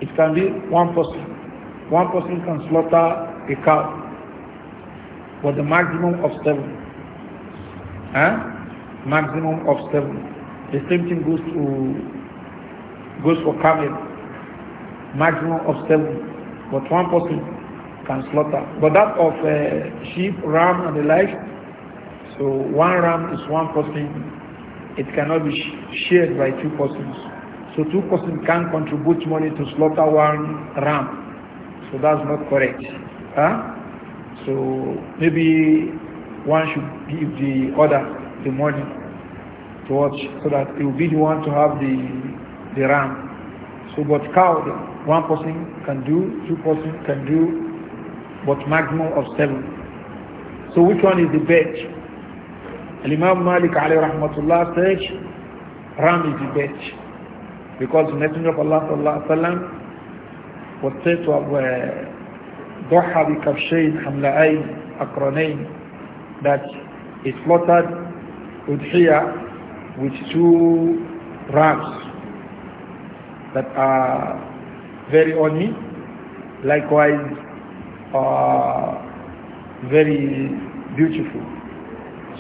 S1: It can be one person. One person can slaughter a cow for the maximum of seven. Huh? Maximum of seven. The same thing goes to goes for camel, maximum of seven. But one person can slaughter. But that of uh, sheep, ram, and the like, so one ram is one person. It cannot be sh shared by two persons. So two persons can contribute money to slaughter one ram. So that's not correct. Huh? So maybe one should give the other the money to watch so that it will be the one to have the the ram. So, but cow, one person can do, two person can do, but maximum of seven. So which one is the best? imam Malik alayhi rahmatullah says, ram is the best. Because the Messenger of Allah sallallahu alayhi wa sallam was said to have uh, ضحى بكبشين حملائين that he slaughtered udhiyah with two rams that are very horny, likewise are uh, very beautiful.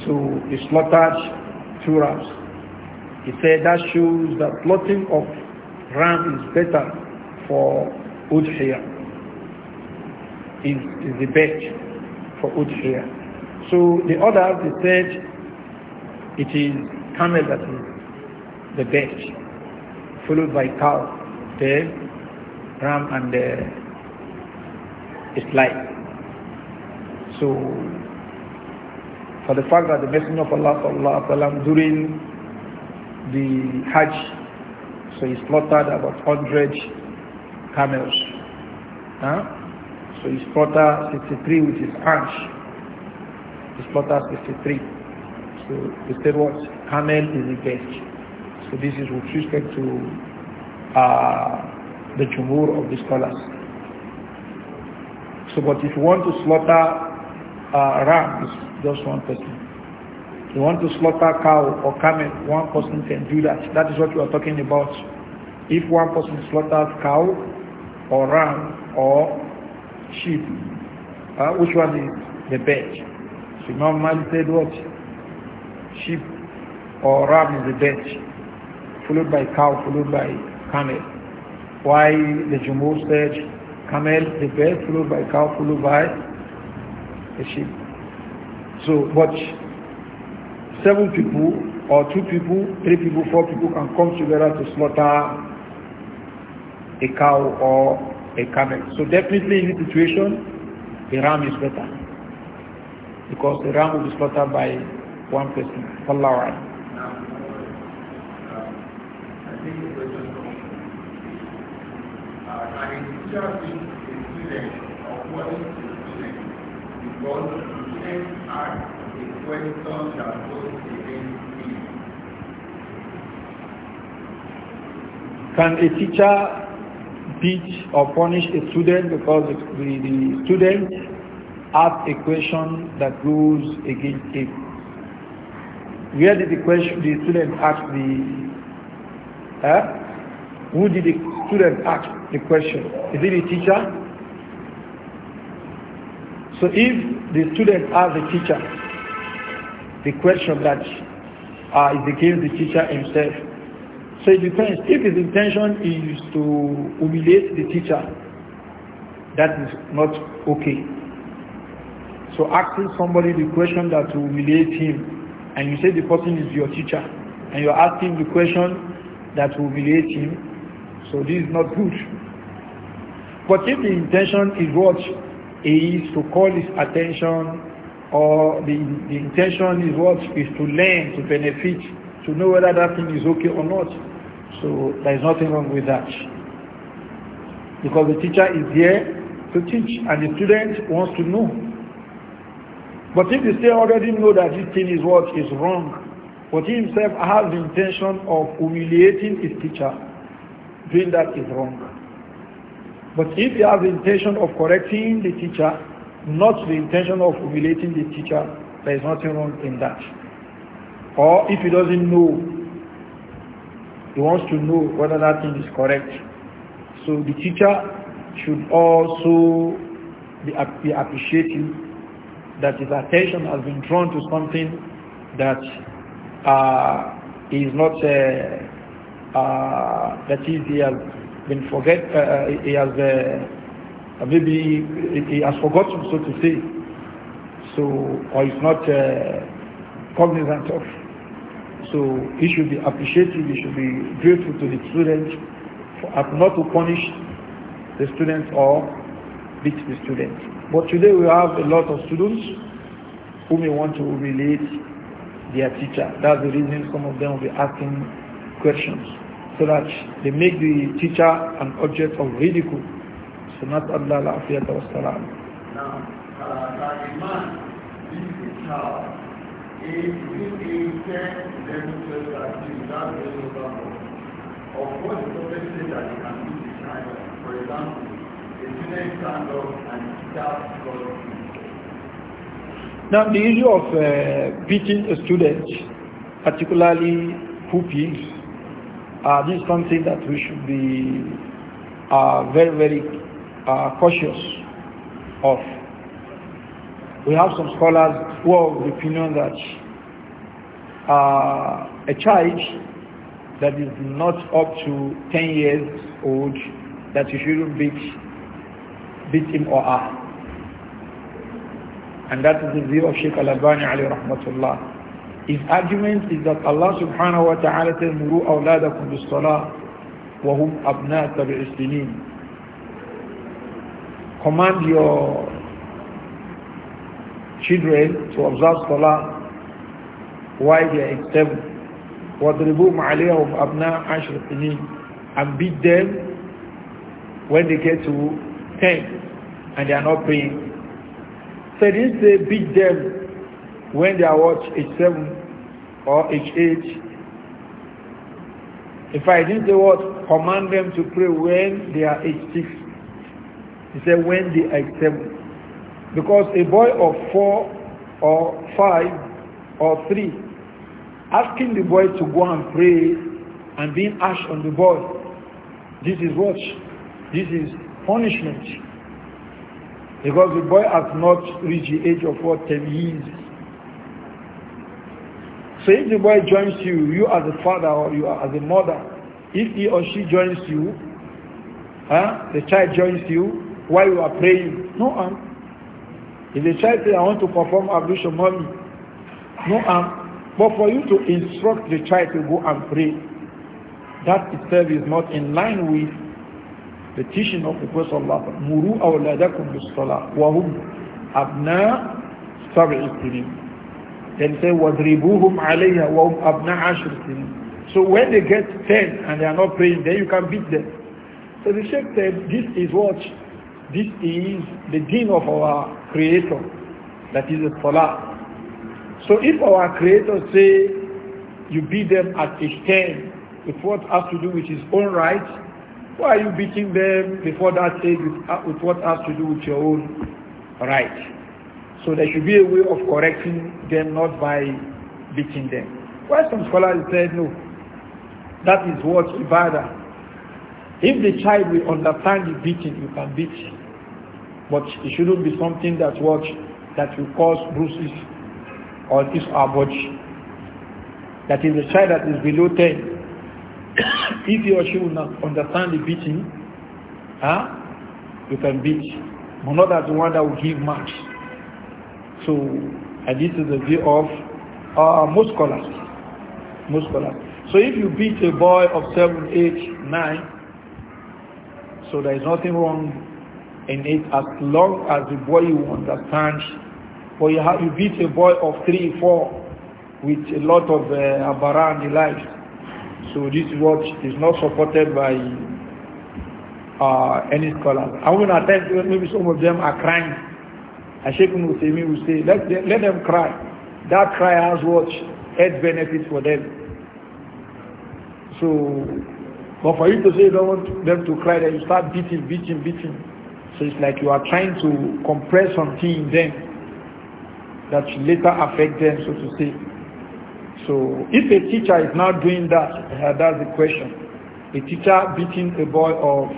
S1: So he slaughtered two rams. He said that shows that slaughtering of ram is better for Udhiyah. Is, is the best for Udhiyah. So the others, they said it is camel that is the best followed by cow, then ram and uh, its like. So, for the fact that the Messenger of Allah sallallahu sallam, during the Hajj, so he slaughtered about 100 camels. Huh? So he slaughtered 63 with his hands. He slaughtered 63. So he said what? Camel is the best. So this is with respect to uh, the jumur of the scholars. So but if you want to slaughter uh, ram, it's just one person. If you want to slaughter cow or camel, one person can do that. That is what we are talking about. If one person slaughters cow or ram or sheep, uh, which one is the best? So Imam they said what? Sheep or ram is the best followed by cow, followed by camel. Why the Jumur said camel the best, followed by cow, followed by a sheep. So, what? seven people or two people, three people, four people can come together to slaughter a cow or a camel. So definitely in this situation, the ram is better because the ram will be slaughtered by one person. Wallahu teacher being a student or to student because a question that goes against him. Can a teacher teach or punish a student because the, the student asked a question that goes against him? Where did the question the student ask the who did the student ask? the question. Is it a teacher? So if the student asks the teacher the question that uh, is against the teacher himself, so it depends. If his intention is to humiliate the teacher, that is not okay. So asking somebody the question that will humiliate him, and you say the person is your teacher, and you're asking the question that will humiliate him, so this is not good. But if the intention is what is to call his attention or the, the intention is what is to learn, to benefit, to know whether that thing is okay or not. So there is nothing wrong with that. Because the teacher is here to teach and the student wants to know. But if student already know that this thing is what is wrong, but he himself has the intention of humiliating his teacher, doing that is wrong. But if you have the intention of correcting the teacher, not the intention of humiliating the teacher, there is nothing wrong in that. Or if he doesn't know, he wants to know whether that thing is correct. So the teacher should also be, be appreciative that his attention has been drawn to something that uh, is not uh, uh, that is the been forget, uh, uh, he has uh, uh maybe he has forgotten, so to say, so or is not uh, cognizant of. So he should be appreciative, he should be grateful to the student, for, not to punish the student or beat the student. But today we have a lot of students who may want to relate their teacher. That's the reason some of them will be asking questions so that they make the teacher an object of ridicule. So not Allah la afiyata to salam. Now, uh, Of the prophet said that he can do for example, a student stand up and now the issue of uh, beating a student, particularly who pooping, uh, this is something that we should be uh, very, very uh, cautious of. We have some scholars who are of the opinion that uh, a child that is not up to 10 years old, that you shouldn't beat, beat him or her. And that is the view of Sheikh Al-Albani alayhi rahmatullah. His argument is that Allah subhanahu wa ta'ala says, Muru awladakum bis salah wa hum Command your children to observe salah while they are in seven. وَضْرِبُهُمْ عَلَيْهُمْ أَبْنَاءَ عَشْرِ سِنِينَ And beat them when they get to ten and they are not praying. So they didn't say beat them when they are what age seven or age eight. if I didn't say what command them to pray when they are age six. He said when they are seven, because a boy of four or five or three, asking the boy to go and pray and being harsh on the boy, this is what this is punishment because the boy has not reached the age of what 10 years. So if the boy joins you, you as a father or you as a mother, if he or she joins you, huh, the child joins you while you are praying, no harm. If the child says, I want to perform ablution, mommy, no harm. But for you to instruct the child to go and pray, that itself is not in line with the teaching of the Prophet Sallallahu Alaihi Muru awladakum bis-salah wa hum abna sab'i then say, وَضْرِبُوهُمْ عَلَيْهَا وَهُمْ abna عَشْرٍ So when they get 10 and they are not praying, then you can beat them. So the Sheikh said, this is what? This is the deen of our Creator. That is the Salah. So if our Creator say, you beat them at age 10 with what has to do with his own rights, why are you beating them before that age with, with what has to do with your own right? So there should be a way of correcting them, not by beating them. Why some scholars said no. That is what ibadah. If the child will understand the beating, you can beat him. But it shouldn't be something that what that will cause bruises or this our body. That is the child that is below 10. if he or she will not understand the beating, huh, you can beat. But not as the one that will give marks. So, and this is the view of uh, most scholars. Most scholars. So if you beat a boy of seven, eight, nine, so there is nothing wrong in it as long as the boy you understand. But you, have, you beat a boy of 3, 4 with a lot of uh, abara and the So this is what is not supported by uh, any scholar. I will attend, maybe some of them are crying and Sheikh Nusaymi will say, let, let them cry. That cry has what? Head benefit for them. So, but for you to say you don't want them to cry, then you start beating, beating, beating. So it's like you are trying to compress something in them that later affect them, so to say. So if a teacher is not doing that, uh, that's the question. A teacher beating a boy of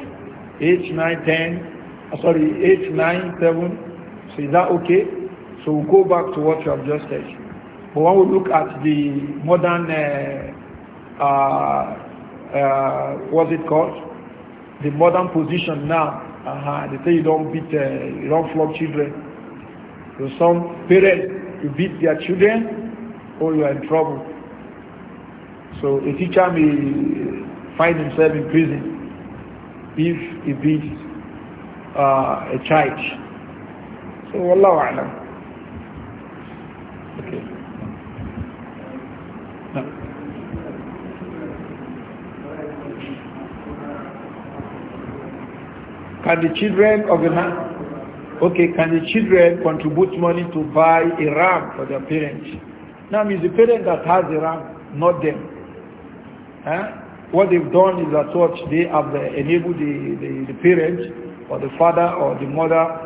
S1: 8, 9, 10, uh, sorry, 8, 9, 7, so is that okay? So we'll go back to what you have just said. But when we look at the modern, uh, uh, uh, what's it called? The modern position now, -huh, they say you don't beat, uh, you don't flog children. So some parents, you beat their children or oh, you are in trouble. So a teacher may find himself in prison if he beats uh, a child. So Wallahu Can the children organize? Okay, can the children contribute money to buy a ram for their parents? Now it's the parent that has the ram, not them. Huh? What they've done is that what they have enabled the, the, the or the father or the mother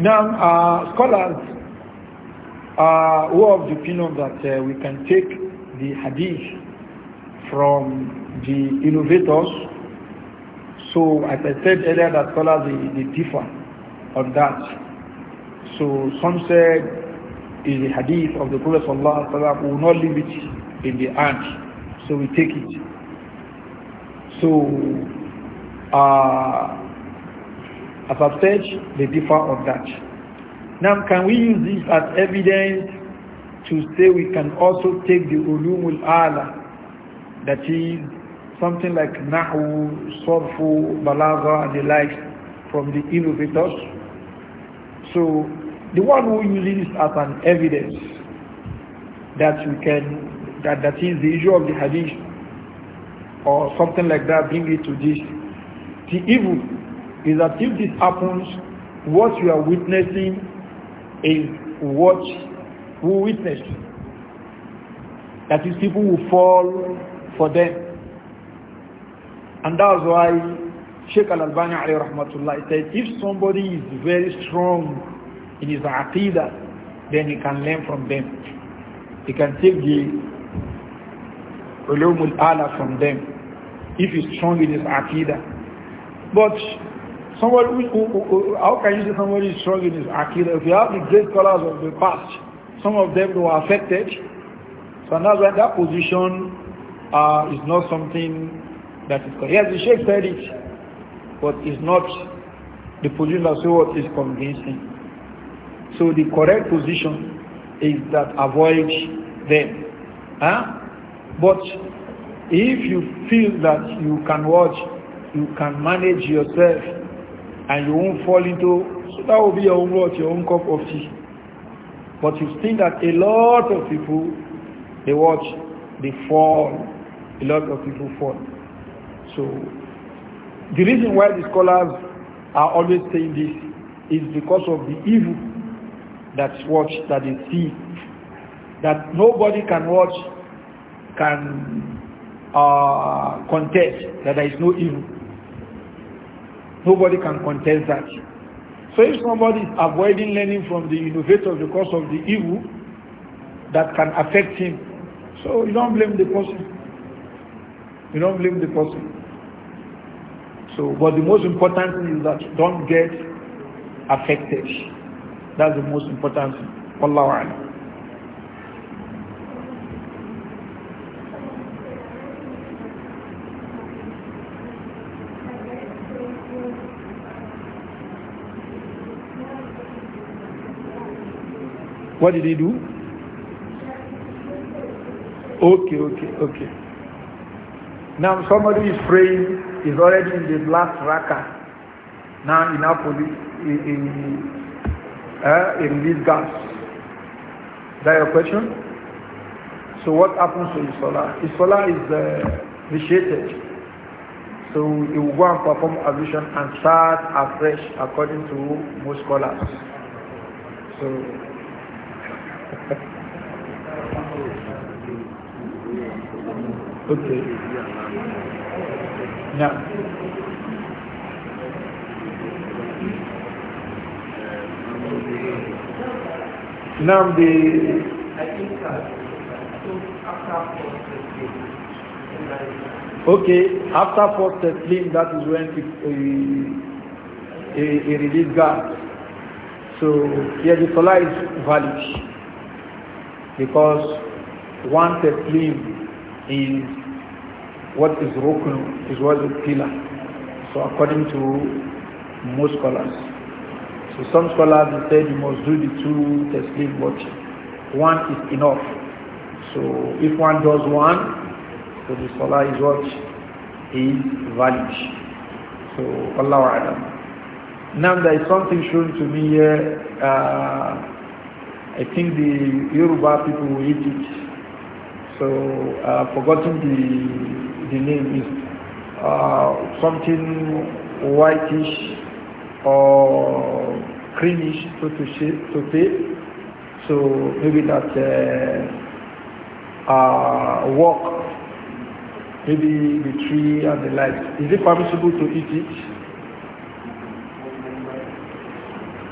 S1: Now, uh, scholars uh, who of the opinion that uh, we can take the hadith from the innovators. So, as I said earlier, that scholars they, they differ on that. So, some said is the hadith of the Prophet sallallahu we will not leave it in the hand, so we take it. So, uh, as i said, they differ on that. Now, can we use this as evidence to say we can also take the ulumul ala, that is something like nahu, sorfu, balagha, and the like, from the innovators? So, the one who uses this as an evidence that we can, that, that is the issue of the hadith, or something like that, bring it to this. The evil is that if this happens, what you are witnessing is what we witnessed. That is, people will fall for them. And that's why Sheikh Al-Albani rahmatullah said, if somebody is very strong in his aqidah, then he can learn from them. He can take the ulum al-ala from them, if he's strong in his aqidah. But Somebody, who, who, who, how can you say somebody is strong in his Akira? If you have the great scholars of the past, some of them were affected. So that's why that position uh, is not something that is correct. Yes, the Sheikh said it, but it's not the position that what is convincing. So the correct position is that avoid them. Huh? But if you feel that you can watch, you can manage yourself and you won't fall into, so that will be your own watch, your own cup of tea. But you think that a lot of people, they watch, they fall, a lot of people fall. So the reason why the scholars are always saying this is because of the evil that's watched, that they see, that nobody can watch, can uh, contest, that there is no evil. Nobody can contest that. So if somebody is avoiding learning from the innovator because of the evil that can affect him, so you don't blame the person. You don't blame the person. So, but the most important thing is that don't get affected. That's the most important thing. Wallahu What did he do? Okay, okay, okay. Now somebody is praying, is already in the last raka. Now in Napoli, in, in, uh, in this gas. Is that your question? So what happens to his salah? His is uh, vitiated. So he will go and perform ablution and start afresh according to most scholars. So Okay. Now. Now the. Okay, after fourth testing, that is when it, he a, a So here yeah, the salah is valid because one testing is what is rukun is what is pillar. So according to most scholars. So some scholars say you must do the two taslim, but one is enough. So if one does one, so the salah is what is valid. So Allah Adam. Now there is something shown to me here. Uh, I think the Yoruba people will eat it. So I've uh, forgotten the the name is uh, something whitish or creamish, so to, to say. So maybe that uh, uh, walk, maybe the tree and the light. Is it permissible to eat it?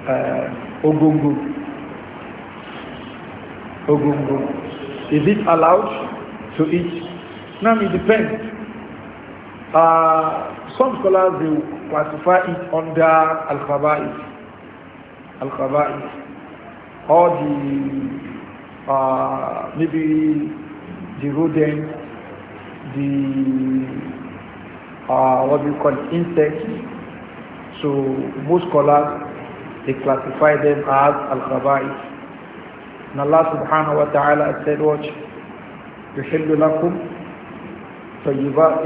S1: Uh, ogungu. Ogungu. Is it allowed to eat? Now it depends. Uh, some scholars they classify it under al-khaba'is, al-khaba'is, or the uh, maybe the rodent, the uh, what do you call it, insects. So most scholars they classify them as al-khaba'is. And Allah subhanahu wa ta'ala said, "Watch, يحل لكم طيبات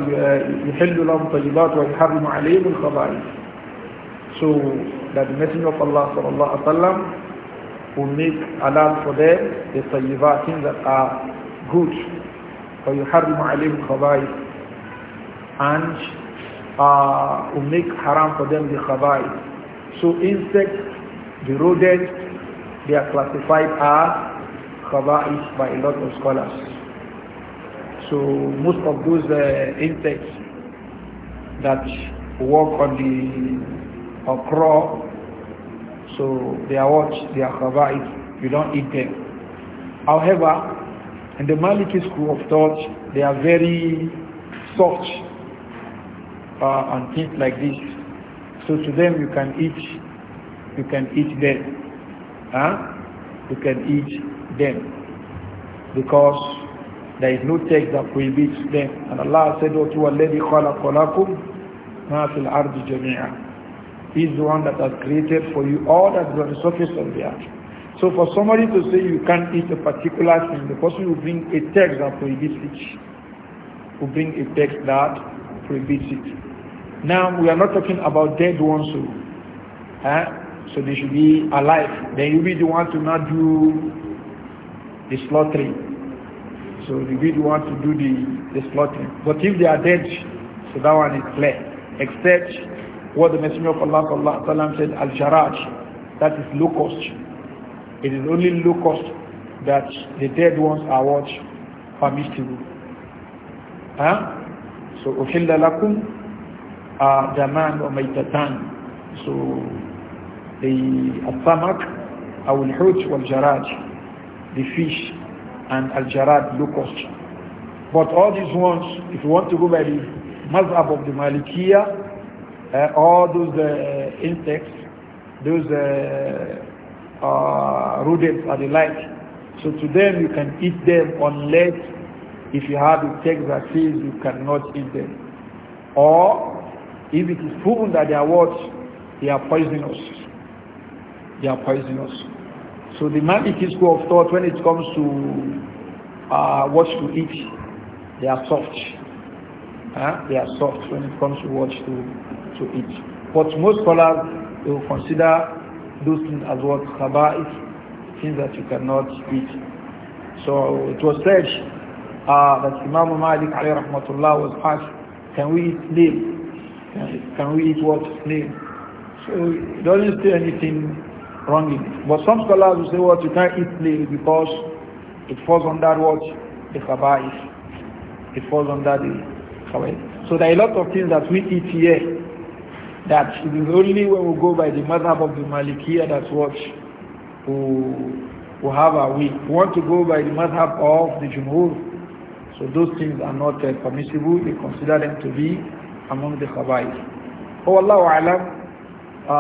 S1: يحل لهم طيبات ويحرم عليهم الخبائث so that the messenger of Allah sallallahu alaihi wasallam will make halal for them the طيبات things that are good ويحرم عليهم الخبائث and uh, will make haram for them the خبائث so insects the rodents they are classified as خبائث by a lot of scholars So most of those uh, insects that work on the or crawl, so they are what they are khaba'is. You don't eat them. However, in the Maliki school of thought, they are very soft uh, on things like this. So to them, you can eat, you can eat them. Huh? You can eat them because there is no text that prohibits them. And Allah said, O to Alladhi khalaqalakum ardi jami'a. He is the one that has created for you all that is on the surface of the earth. So for somebody to say you can't eat a particular thing, the person will bring a text that prohibits it. Will bring a text that prohibits it. Now we are not talking about dead ones. So, oh. eh? so they should be alive. Then you be the one to not do the slaughtering. So the did want to do the, the slaughtering. But if they are dead, so that one is clear. Except what the Messenger of Allah sallallahu said, Al-Jaraj, that is locust. It is only locust that the dead ones are what? Permissible. Huh? So, أُحِلَّ لَكُمْ or وميتتان so the السمك أو الحوت Jaraj, the fish and Al-Jarad low But all these ones, if you want to go by the mazhab of the Malikiya, uh, eh, all those uh, insects, those eh, uh, uh, rodents are the like. So to them you can eat them unless if you have a text that says you cannot eat them. Or if it is proven that they are what? They are poisonous. They are poisonous. So the Maliki school of thought, when it comes to uh, what to eat, they are soft. Huh? They are soft when it comes to what to, to eat. But most scholars will consider those things as what khaba'is, things that you cannot eat. So it was said uh, that Imam Malik alayhi rahmatullah was asked, can we eat snail? Can we eat what? Snail. So it doesn't say anything wrongly. But some scholars will say what well, you can't eat play because it falls under what? The khaba'is. It falls under the khaba'is. So there are a lot of things that we eat here that it is only when we go by the mother of the Malikiya that what who, who have a We want to go by the madhab of the Jumhur. So those things are not uh, permissible. We consider them to be among the khaba'is. Oh Allah uh,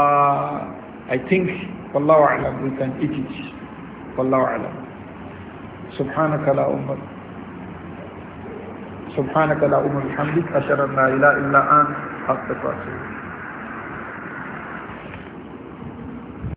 S1: I think والله أعلم بلتان إجيج والله أعلم سبحانك لا أمر سبحانك لا أمر الحمدك أشرنا إلى إلا أن أفتك رسولك